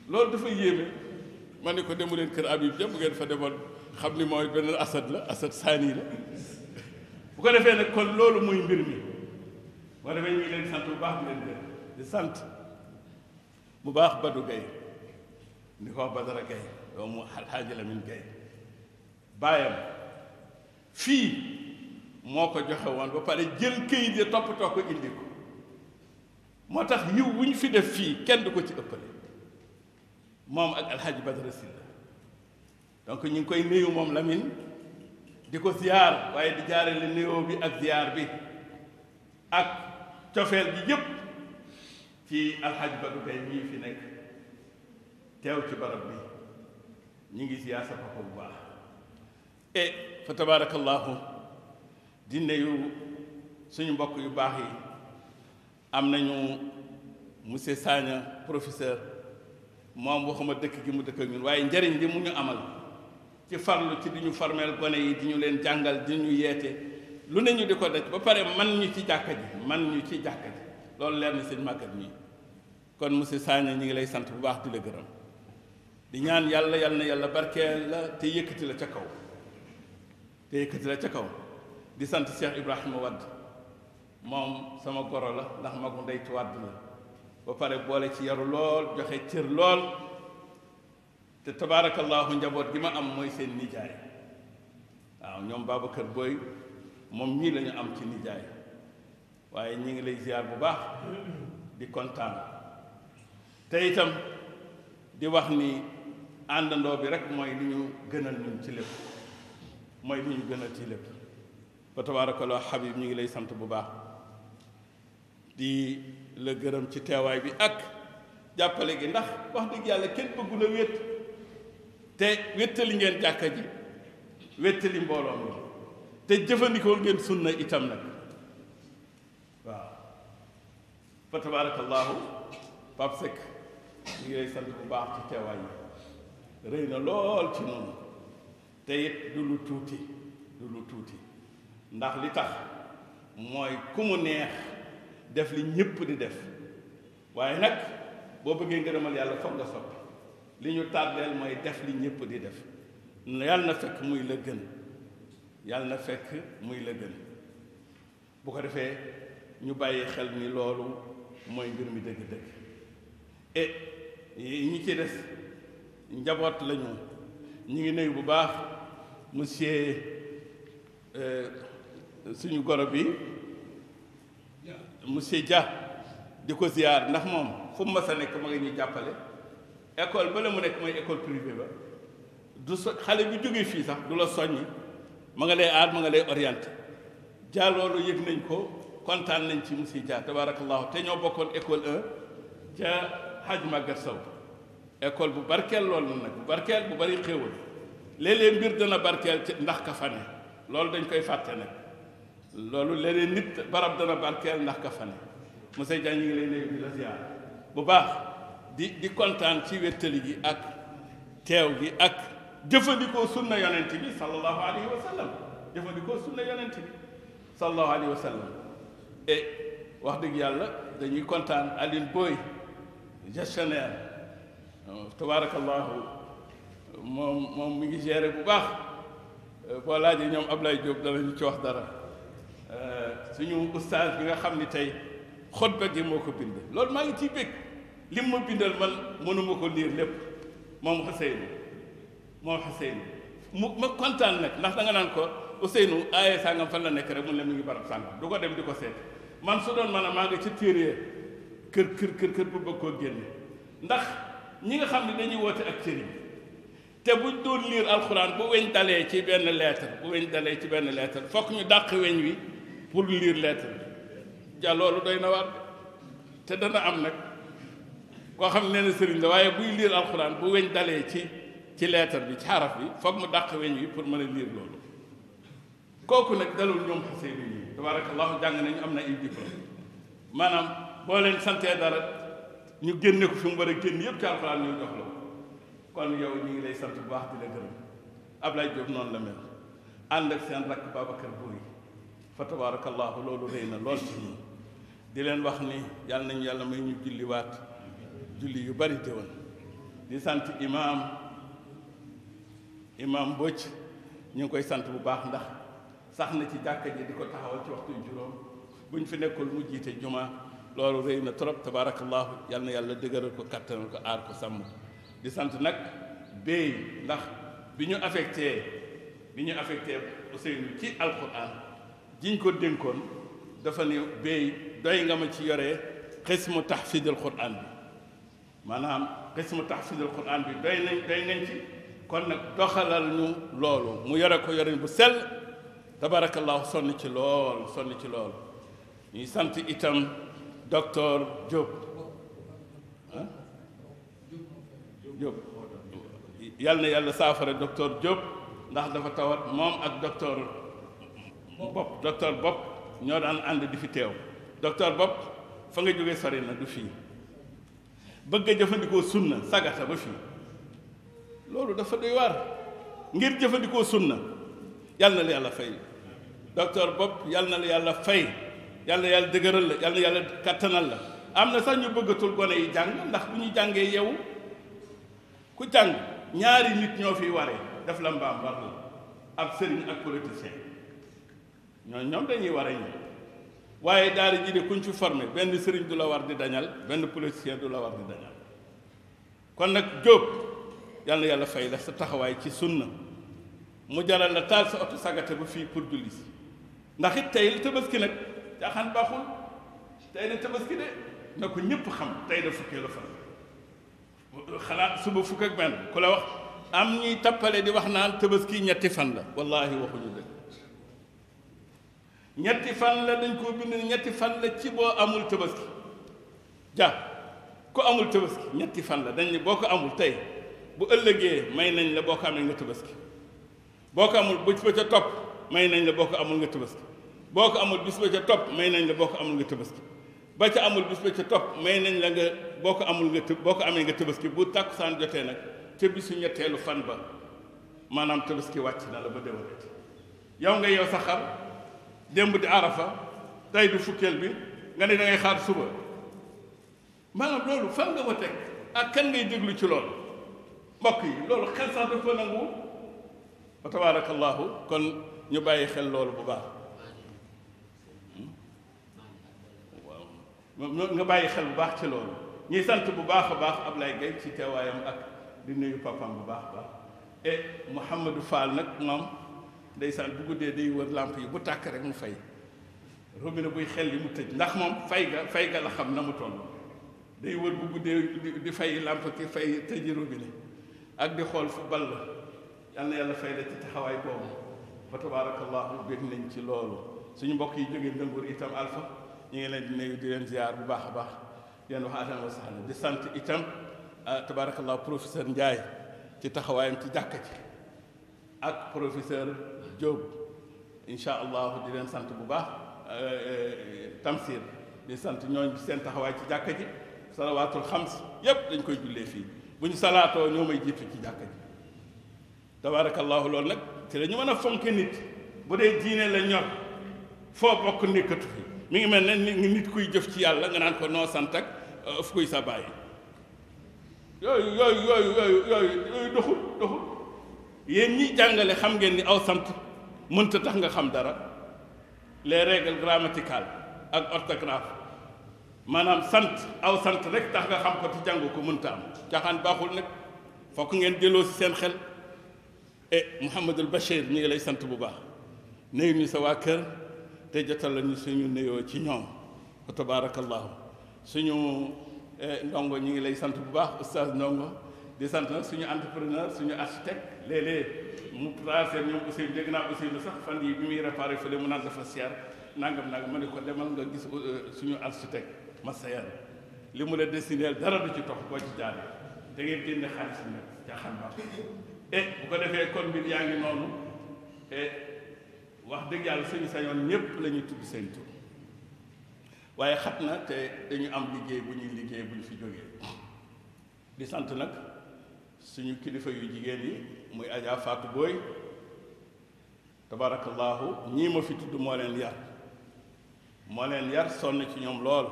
loolu dafa yéeme ma ne ko demu len keur abib dem ngeen fa demal xamni moy ben beneen asad la asad sani la bu ko defé nak kon lolu moy mbir mi boo defee ñi len sant bu baax di leen def di sant bu baax Badou gay ni ko gay do mu doomu haji la min gay bayam fi moko joxe won ba pare jël këyit ya top ko indi ko motax tax yiw bu fi def fi kenn du ko ci ëppale moom ak alxaaji Badara Sylla donc ñu ngi koy nuyu moom Lamine di ko ziyaar waaye di jaarale nuyoo bi ak ziyaar bi ak cofeel bi yépp ci alxaaji Badou Gueye fi nekk teew ñu ngi ziyaar sa papa bu baax e fa tabaarakallaahu di nuyu suñu mbokk yu baax yi am nañu monsieur Sagna professeur moom waxuma dëkk gi mu dëkk ak ñun waaye njariñ li mu ñu amal ci farlu ci di ñu formel gone yi di ñu leen jàngal di yeete lu ne ñu di ko daj ba pare man ñu ci jàkka ji man ñu ci jàkka ji loolu leer na seen màggat ñii kon monsieur Sagna ñu ngi lay sant bu baax di la gërëm di ñaan yàlla yàlla na yàlla barke la te yëkkati la ca kaw te yëkkati la ca kaw di sant Cheikh Ibrahima wadd moom sama goro la ndax magu ndey ci Wade la ba pare boole ci yaru lool joxe cër lool te tabaarakallaahu njaboot gi ma am mooy seen nijaay waaw ñoom kër Boy moom ñii lañu am ci nijaay waaye ñi ngi lay ziar bu baax di kontaan te itam di wax ni àndandoo bi rek mooy li ñu gënal ñun ci lépp mooy li ñu gënal ci lépp ba tabaarakallaahu Habib ñu ngi lay sant bu baax di la gërëm ci teewaay bi ak jàppale gi ndax wax dëgg yàlla kenn bëggu la te wéttali ngeen jàkka ji wéttali mbooloo mi te jëfandikoo ngeen sunna itam nag waaw fa tabaarakallaahu Pape ngi lay sant bu baax ci teewaay bi rëy na lool ci noonu te it du lu tuuti du lu tuuti ndax li tax mooy ku mu neex def li ñëpp di def waaye nag boo bëggee ngërëmal yàlla foog nga soppi li ñu tàddeel mooy def li ñëpp di def yàlla na fekk muy la gën yàlla na fekk muy la gën bu ko defee ñu bàyyi xel ni loolu mooy mbir mi dëgg-dëgg et eh, ñi ci des njaboot lañu ñu ngi nuyu bu baax monsieur euh, suñu goro bi monsieur Dia di ko ziar ndax moom fu ma sa nekk ma nga ñuy jàppale école ba la mu nekk mooy école privée ba du so xale bi jógee fii sax du la soññi mu nga lay aar mu nga lay orienté Dia loolu yëg nañ ko kontaan nañ ci monsieur Dia tabarakallahu te ñoo bokkoon école 1 ca Hadj Maguette Sow école bu barkeel loolu nag bu barkeel bu bari xéewal léeg-léeg mbir dana barkeel ndax ka fa loolu dañ koy fàtte nag loolu leneen nit barab dana barkeel ndax ka fane monsieur Diagne ñu ngi lay nuyu di la ziar bu baax di di kontaan ci wéttali gi ak teew gi ak jëfandikoo sunna yonent bi sallallahu alayhi wa sallam jëfandikoo sunna yonent bi sallallahu alayhi wa sallam et wax dëgg yàlla dañuy kontaan Aline Boy gestionnaire tabaarakallahu moom moom mi ngi géré bu baax boo laajee ñoom Ablaye Diop danañu ci wax dara suñu ustaas bi nga xam ni tey xutba gi moo ko bind loolu maa ngi ciy bég lim ma bindal man mënuma ko liir lépp moom Ousseynou moom Ousseynou mu ma kontaan nag ndax da nga naan ko Ousseynou aaye sàngam fan la nekk rek mun la mu ngi barab sàngam du ko dem di ko seet man su doon man a maa ci ca téere kër kër kër kër bu bëgg koo génne ndax ñi nga xam ne dañuy woote ak sëriñ te buñ doon liir alxuraan bu weñ dalee ci benn lettre bu weñ dalee ci benn lettre fokk ñu dàq weñ wi pour lire lettre bi ja loolu doy na waar te dana am nag koo xam ne na sëriñ la waaye buy lire alxuraan bu weñ dalee ci ci lettre bi ci xaraf bi foog mu dàq weñ wi pour mën a lire loolu kooku nag dalul ñoom xasee bi ñi tabarakallahu jàng nañu am na ay diplôme maanaam boo leen santee dara ñu génne ko fi mu war a génn yëpp ci alxuraan ñu jox la kon yow ñu ngi lay sant bu baax di la gërëm Ablaye Diop noonu la mel ànd ak seen rakk Babacar Boye fa tabaarakallaahu loolu rëy na lool ci ñun di leen wax ni yàlla nañu yàlla may ñu julliwaat julli yu bari déwén di sant imaam imaam Mbodj ñu ngi koy sant bu baax ndax sax na ci jàkka ji di ko taxawal ci waxtu juróom bu ñu fi nekkul mu jiite jumaa loolu rëy na trop tabaarakallaahu yal na yàlla dëgëral ko kattanal ko aar ko sàmm di sant nag béy ndax bi ñu affecté bi ñu affecté Ousseynou ci alquran jiñ ko dénkoon dafa ne béy doy nga ma ci yoree xismu taxfidil quran bi maanaam xismu taxfidil quran bi doy nañ doy nañ ci kon nag doxalal ñu loolu mu yore ko yore bu sell tabarakallahu sonn ci lool sonn ci lool ñuy sant itam docteur Diop ah Diop yàlla na yàlla saafara docteur Diop ndax dafa tawat moom ak docteur bopp docteur bopp ñoo daan ànd di fi teew docteur bopp fa nga jógee sori na du fii bëgg jëfandikoo sun na sagata ba fii loolu dafa doy waar ngir jëfandikoo sunna yàlla na la yàlla fay docteur bopp yàlla na la yàlla fay yàlla yàlla dëgëral la yàlla yàlla kàttanal la am na sax ñu bëggatul gone yi jàng ndax bu ñu jàngee yow ku jàng ñaari nit ñoo fiy waree def la mbaam war la ab sëriñ ak politicien ñooñu ñoom dañuy war a ñëw waaye daara ji de kuñ ci formé benn sëriñ du la war di dañal benn policier du la war di dañal kon nag Jóob yàlla yàlla fay la sa taxawaay ci sunna mu jaral la taal sa oto sagate ba fii pour julli si ndax it tey la tabaski nag jaaxaan baaxul tey la tabaski de na ko ñëpp xam tey la fukkee la fan xalaat suba fukk ak benn ku la wax am ñuy tappale di wax naan tabaski ñetti fan la wallaahi waxuñu dëgg ñetti fan la dañ koo bind ñetti fan la ci boo amul tabaski ja ku amul tabaski ñetti fan la dañ ne boo ko amul tey bu ëllëgee may nañ la boo ko amee nga tabaski boo ko amul bis ca topp may nañ la boo amul nga tabaski boo ko amul bis ca topp may nañ la boo ko amul nga ba ca amul bis ca topp may nañ la boo ko amul nga boo ko amee nga tabaski bu tàkkusaan jotee nag ca bisu ñetteelu fan ba maanaam tabaski wàcc na la ba déwénati yow nga yow sa xar démb di arafa tey du fukkeel bi nga ne da ngay xaar suba maanaam loolu fan nga ko teg ak kan ngay déglu ci loolu mbokk yi loolu xel sax daf ko nangu wa tabaarakallahu kon ñu bàyyi xel loolu bu baax waaw nga bàyyi xel bu baax ci loolu ñuy sant bu baax a baax Ablaye Gueye ci teewaayam ak di nuyu papam bu baax a baax et Mouhamadou Fall nag moom ndeysaan bu guddee day wër làmp yi bu tàkk rek mu fay robinet buy xel li mu tëj ndax moom fay ga fay ga la xam na mu toll day wër bu guddee di fay làmp ki fay tëji robinet ak di xool fu bal la yal na yàlla fay la ci taxawaay boobu fa tabaarakallahu bég nañ ci loolu suñu mbokk yi jóge Ndëmbur itam alpha ñu ngi leen di nuyu di leen ziar bu baax a baax leen wax asan wa sahla di sant itam tabaarakallahu professeur Ndiaye ci taxawaayam ci jàkka ci ak professeur Diop incha allah di leen sant bu baax Tamsir di sant ñooñ seen taxawaay ci jàkka ji salawaatul xams yépp dañ koy jullee fii bu ñu salaatoo ñoo may jiitu ci jàkka ji tabaarakallaahu loolu nag ci la ñu mën a fonke nit bu dee diine la ñor foo bokk nekkatu fi mi ngi mel ne nit kuy jëf ci yàlla nga naan ko noo sant ak fu kuy sa bàyyi yooyu yooyu yooyu yooyu yooyu doxul doxul yéen ñiy jàngale xam ngeen ni aw sant mënta tax nga xam dara les règles grammaticales ak orthographe maanaam sant aw sant rek tax nga xam ko te jàng ko mënta am caaxaan baaxul nag fokk ngeen delloo si seen xel e eh, Mouhamadul Bachir ñu ngi lay sant bu baax nuyu ñu sa waa kër te jotal la ñu suñu nuyoo ci ñoom wa tabaarakallaahu suñu eh, ndongo ñu ngi lay sant bu baax oustaz ndongo di sant nag suñu entrepreneur suñu architecte léeg-léeg mu tracé ñoom Ousseynou dégg naa Ousseynou sax fan yi bi muy réparé fële mun naan dafa siyaar nangam nangam ma ne ko demal nga gis euh, suñu architecte Massayer li mu la dessiné dara du ci tox boo ci jaaree da ngay génne xaalis bi nag jaaxal ma e bu ko defee kon mbir yaa ngi noonu eh, wax dëgg yàlla suñu sañoon ñëpp la ñuy tudd seen tur waaye xat na te dañu am liggéey bu ñuy liggéey bu ñu fi jógee di sant nag suñu kilifa yu jigéen yi. muy aja fatou boy tabarakallahu ñi ma fi tuddu mo len yar mo len yar son ci ñom lool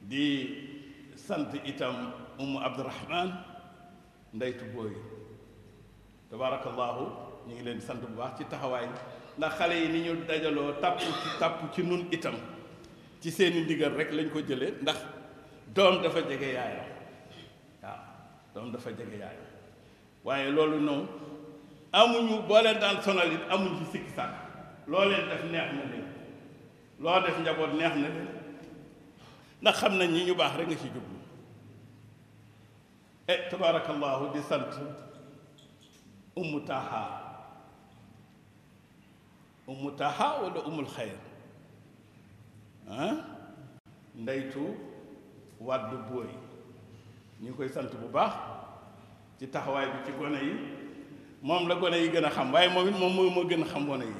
di sante itam um abdurahman ndeytu boy tabarakallahu ñi ngi len sante bu baax ci taxaway ndax xalé yi ni ñu dajalo tapu ci ci nun itam ci seen ndigal rek lañ ko jëlé ndax doom dafa jégué yaay waaw dafa jégué yaay waaye loolu noonu amuñu boo leen daan sonal it amuñu ci sikki sàkk loo leen def neex na leen loo def njaboot neex na leen ndax xam na ñi ñu baax rek nga ci jublu e tabaarakallaahu di sant ummu taha ummu taha wala ummul xayr ah ndeytu wàddu booy ñu koy sant bu baax ci taxawaay bi ci gone yi moom la gone yi gën a xam waaye moom it moom moo ma gën a xam gone yi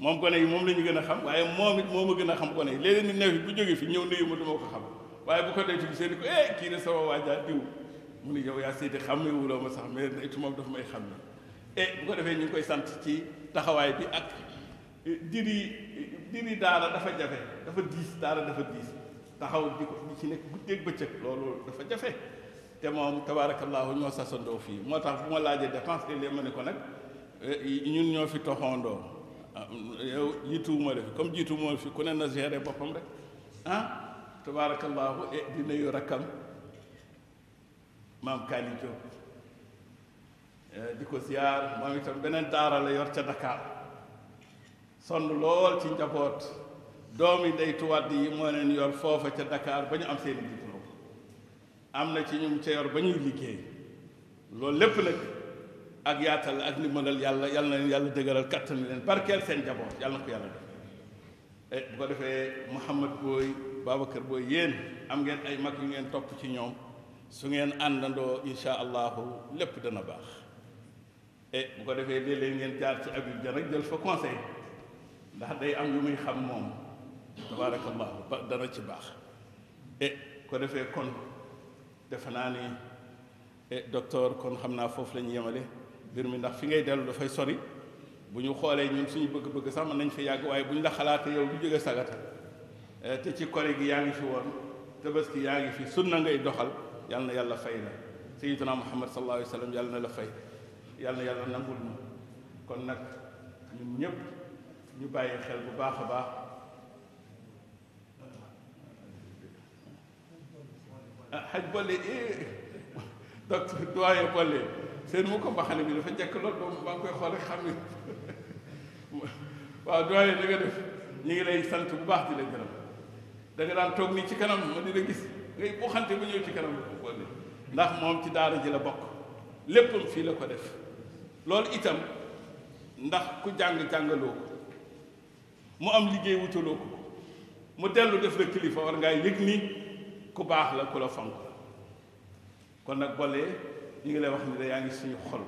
moom gone yi moom la ñu gën a xam waaye moom it moo ma gën a xam gone yi léeg-léeg nit bu jógee fi ñëw nuyu ma du ma xam waaye bu ko def ci seen eh, kii de sama waajaa diw mu ne yow yaa seeti xamme wuloo ma sax mais it moom dafa may xam ne eh, bu ko defee ñu ngi koy sant ci taxawaay bi ak eh, diri diri daara dafa jafe dafa diis daara dafa diis taxaw di ko di ci nekk guddeeg bëccëg loolu dafa jafe te moom tabaarakallaahu ñoo sasandoo fii moo tax bu ma laajee dépense léeg-léeg ma ne ko nag eh, ñun ñoo fi toxandoo ah, yow jiituwuma la fi comme jiituwuma fi ku ne na géré boppam rek ah tabaarakallaahu e eh, di nuyu rakkam maam Kaali Diop eh, di ko ziar moom itam beneen daara la yor ca Dakar sonn lool ci njaboot doomi day tuwaat yi moo leen yor foofa ca Dakar ba ñu am seen i am na ci ñu ca ba ñuy liggéey loolu lépp nag ak yaatal ak ndimbalal yàlla yàlla na leen yàlla dëgëral kattan leen barkeel seen jaboot yàlla na ko yàlla def eh, bu ko defee Mouhamad Boye Babacar booy yéen am ngeen ay mag yu ngeen topp ci ñoom su ngeen àndandoo insha allahu lépp dana baax e bu ko defee léeg-léeg ngeen jaar ci Habib Dia jël fa conseil ndax day am yu muy xam moom tabaarakallahu dana ci baax eh, ko defee kon defe naa ni docteur kon xam naa foofu la ñu yemale mbir mi ndax fi ngay dellu dafay sori bu ñu xoolee ñun suñu bëgg-bëgg sax mën nañ fi yàgg waaye bu ñu la xalaatee yow du jóge sagata te ci kore gi yaa ngi fi woon tabaski yaa ngi fi sunna ngay doxal yal na yàlla fay la sayyidina muhammad sallallahu alayhi wa sallam yal na la fay yal na yàlla nangul ñu kon nag ñun ñëpp ñu bàyyi xel bu baax a baax xaj bolle eh docteur doyen bolle seen mu ko mbaxane bi dafa njëkk lool boobu maa ngi koy xool rek xam ni waaw doyen da nga def ñu ngi lay sant bu baax di la gërëm da nga daan toog nii ci kanam ma di la gis ngay buuxante ba ñëw ci kanam bolle ndax moom ci daara ji la bokk léppam fii la ko def loolu itam ndax ku jàng jàngaloo ko mu am liggéey wutaloo ko mu dellu def la kilifa war ngaa yëg nii ku baax la ku la fonk la kon nag boole ñu ngi lay wax ni da yaa ngi suñu xol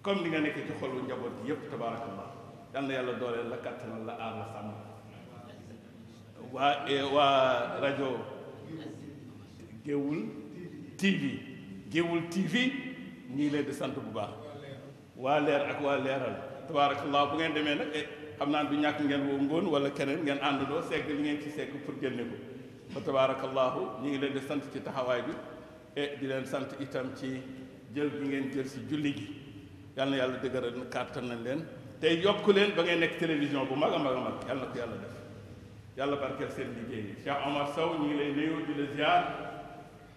comme li nga nekk ci xolu njaboot gi yépp tabaarakallah yal yàlla dooleel la kàttanal la aar la sàmm waa e, waa rajo géewul TV géewul TV ñu ngi leen di sant bu baax waa leer ak waa leeral tabaarakallah bu ngeen demee nag e, xam naa du ñàkk ngeen woo ngoon wala keneen ngeen àndandoo segg li ngeen ci segg pour génne ko fa tabaarakallaahu ñu ngi leen di sant ci taxawaay bi e di leen sant itam ci jël bi ngeen jël si julli gi yal na yàlla dëgëral kàttan nañ leen tey yokku leen ba ngeen nekk télévision bu mag a mag a mag yàlla na ko yàlla def yàlla barkeel seen liggéey yi Cheikh Omar Sow ñu ngi lay nuyu di la ziar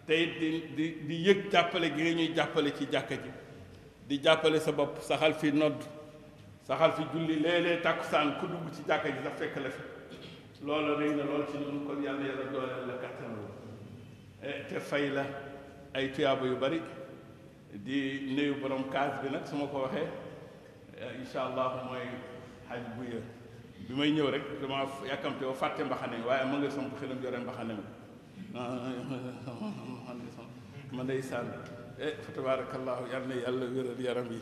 tey di di di yëg jàppale gi nga ñuy jàppale ci jàkka ji di jàppale sa bopp saxal fi nodd saxal fi julli léeg-léeg tàkkusaan ku dugg ci jàkka ji sax fekk fi loola rëy na lool ci ñun ko yàlla yàlla doole la kattanal te fay la ay tuyaaba yu bari di nuyu borom kaas bi nag su ma ko waxee incha allah mooy xaj bu yë bi may ñëw rek dama yàkkamte wa fàtte mbaxane waaye ma nga samp xelam yore mbaxane mi ma ndeysaan eh fa tabarakallahu yàlla na yàlla wéral yaram yi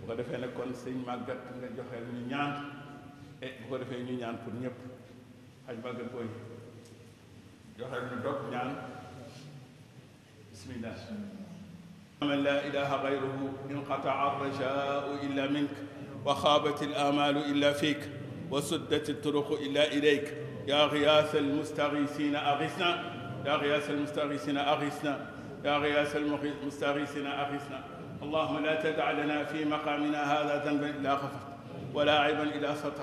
bu ko defee ne kon sëñ màggat nga joxeel ñu ñaan eh bu ko defee ñu ñaan pour ñëpp xaj mag a koy joxe lu من لا إله غيره انقطع الرجاء إلا منك وخابت الآمال إلا فيك وسدت الطرق إلا إليك يا غياث المستغيثين أغثنا يا غياث المستغيثين أغثنا يا غياث المستغيثين أغثنا اللهم لا تدع لنا في مقامنا هذا ذنبا إلا غفرت ولا عيبا إلا سترت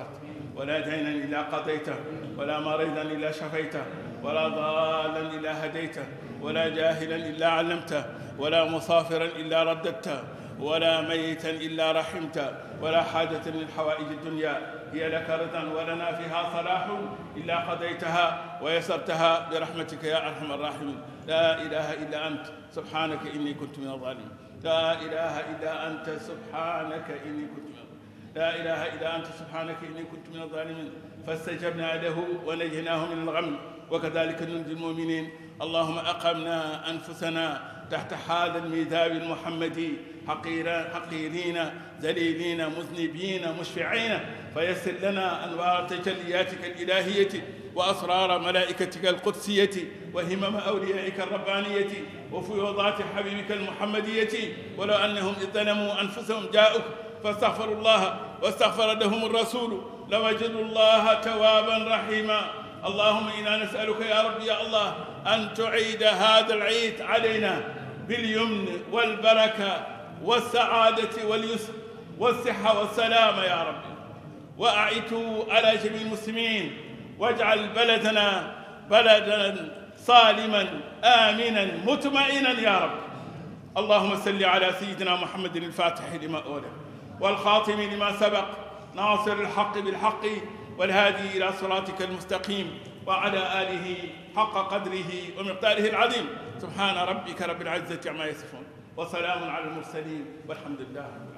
ولا دينا إلا قضيته ولا مريضا إلا شفيته ولا ضالا إلا هديته ولا جاهلا إلا علمته ولا مسافرا إلا رددته ولا ميتا إلا رحمته ولا حاجة من حوائج الدنيا هي لك رضا ولنا فيها صلاح إلا قضيتها ويسرتها برحمتك يا أرحم الراحمين لا إله إلا أنت سبحانك إني كنت من الظالمين لا إله إلا أنت سبحانك إني كنت من الظالمين لا إله إلا أنت سبحانك إني كنت من الظالمين فاستجبنا له ونجيناه من الغم وكذلك ننجي المؤمنين اللهم أقمنا أنفسنا تحت هذا الميذاب المحمدي حقيرين ذليلين مذنبين مشفعين فيسر لنا أنوار تجلياتك الإلهية وأسرار ملائكتك القدسية وهمم أوليائك الربانية وفيوضات حبيبك المحمدية ولو أنهم إذ ظلموا أنفسهم جاءوك فاستغفروا الله واستغفر لهم الرسول لوجدوا الله توابا رحيما اللهم إنا نسألك يا رب يا الله أن تعيد هذا العيد علينا باليمن والبركة والسعادة واليسر والصحة والسلامة يا رب وأعته على جميع المسلمين واجعل بلدنا بلدا صالما آمنا مطمئنا يا رب اللهم صل على سيدنا محمد الفاتح لما اولئك والخاتم لما سبق ناصر الحق بالحق والهادي إلى صراطك المستقيم وعلى آله حق قدره ومقداره العظيم سبحان ربك رب العزة عما يصفون وسلام على المرسلين والحمد لله رب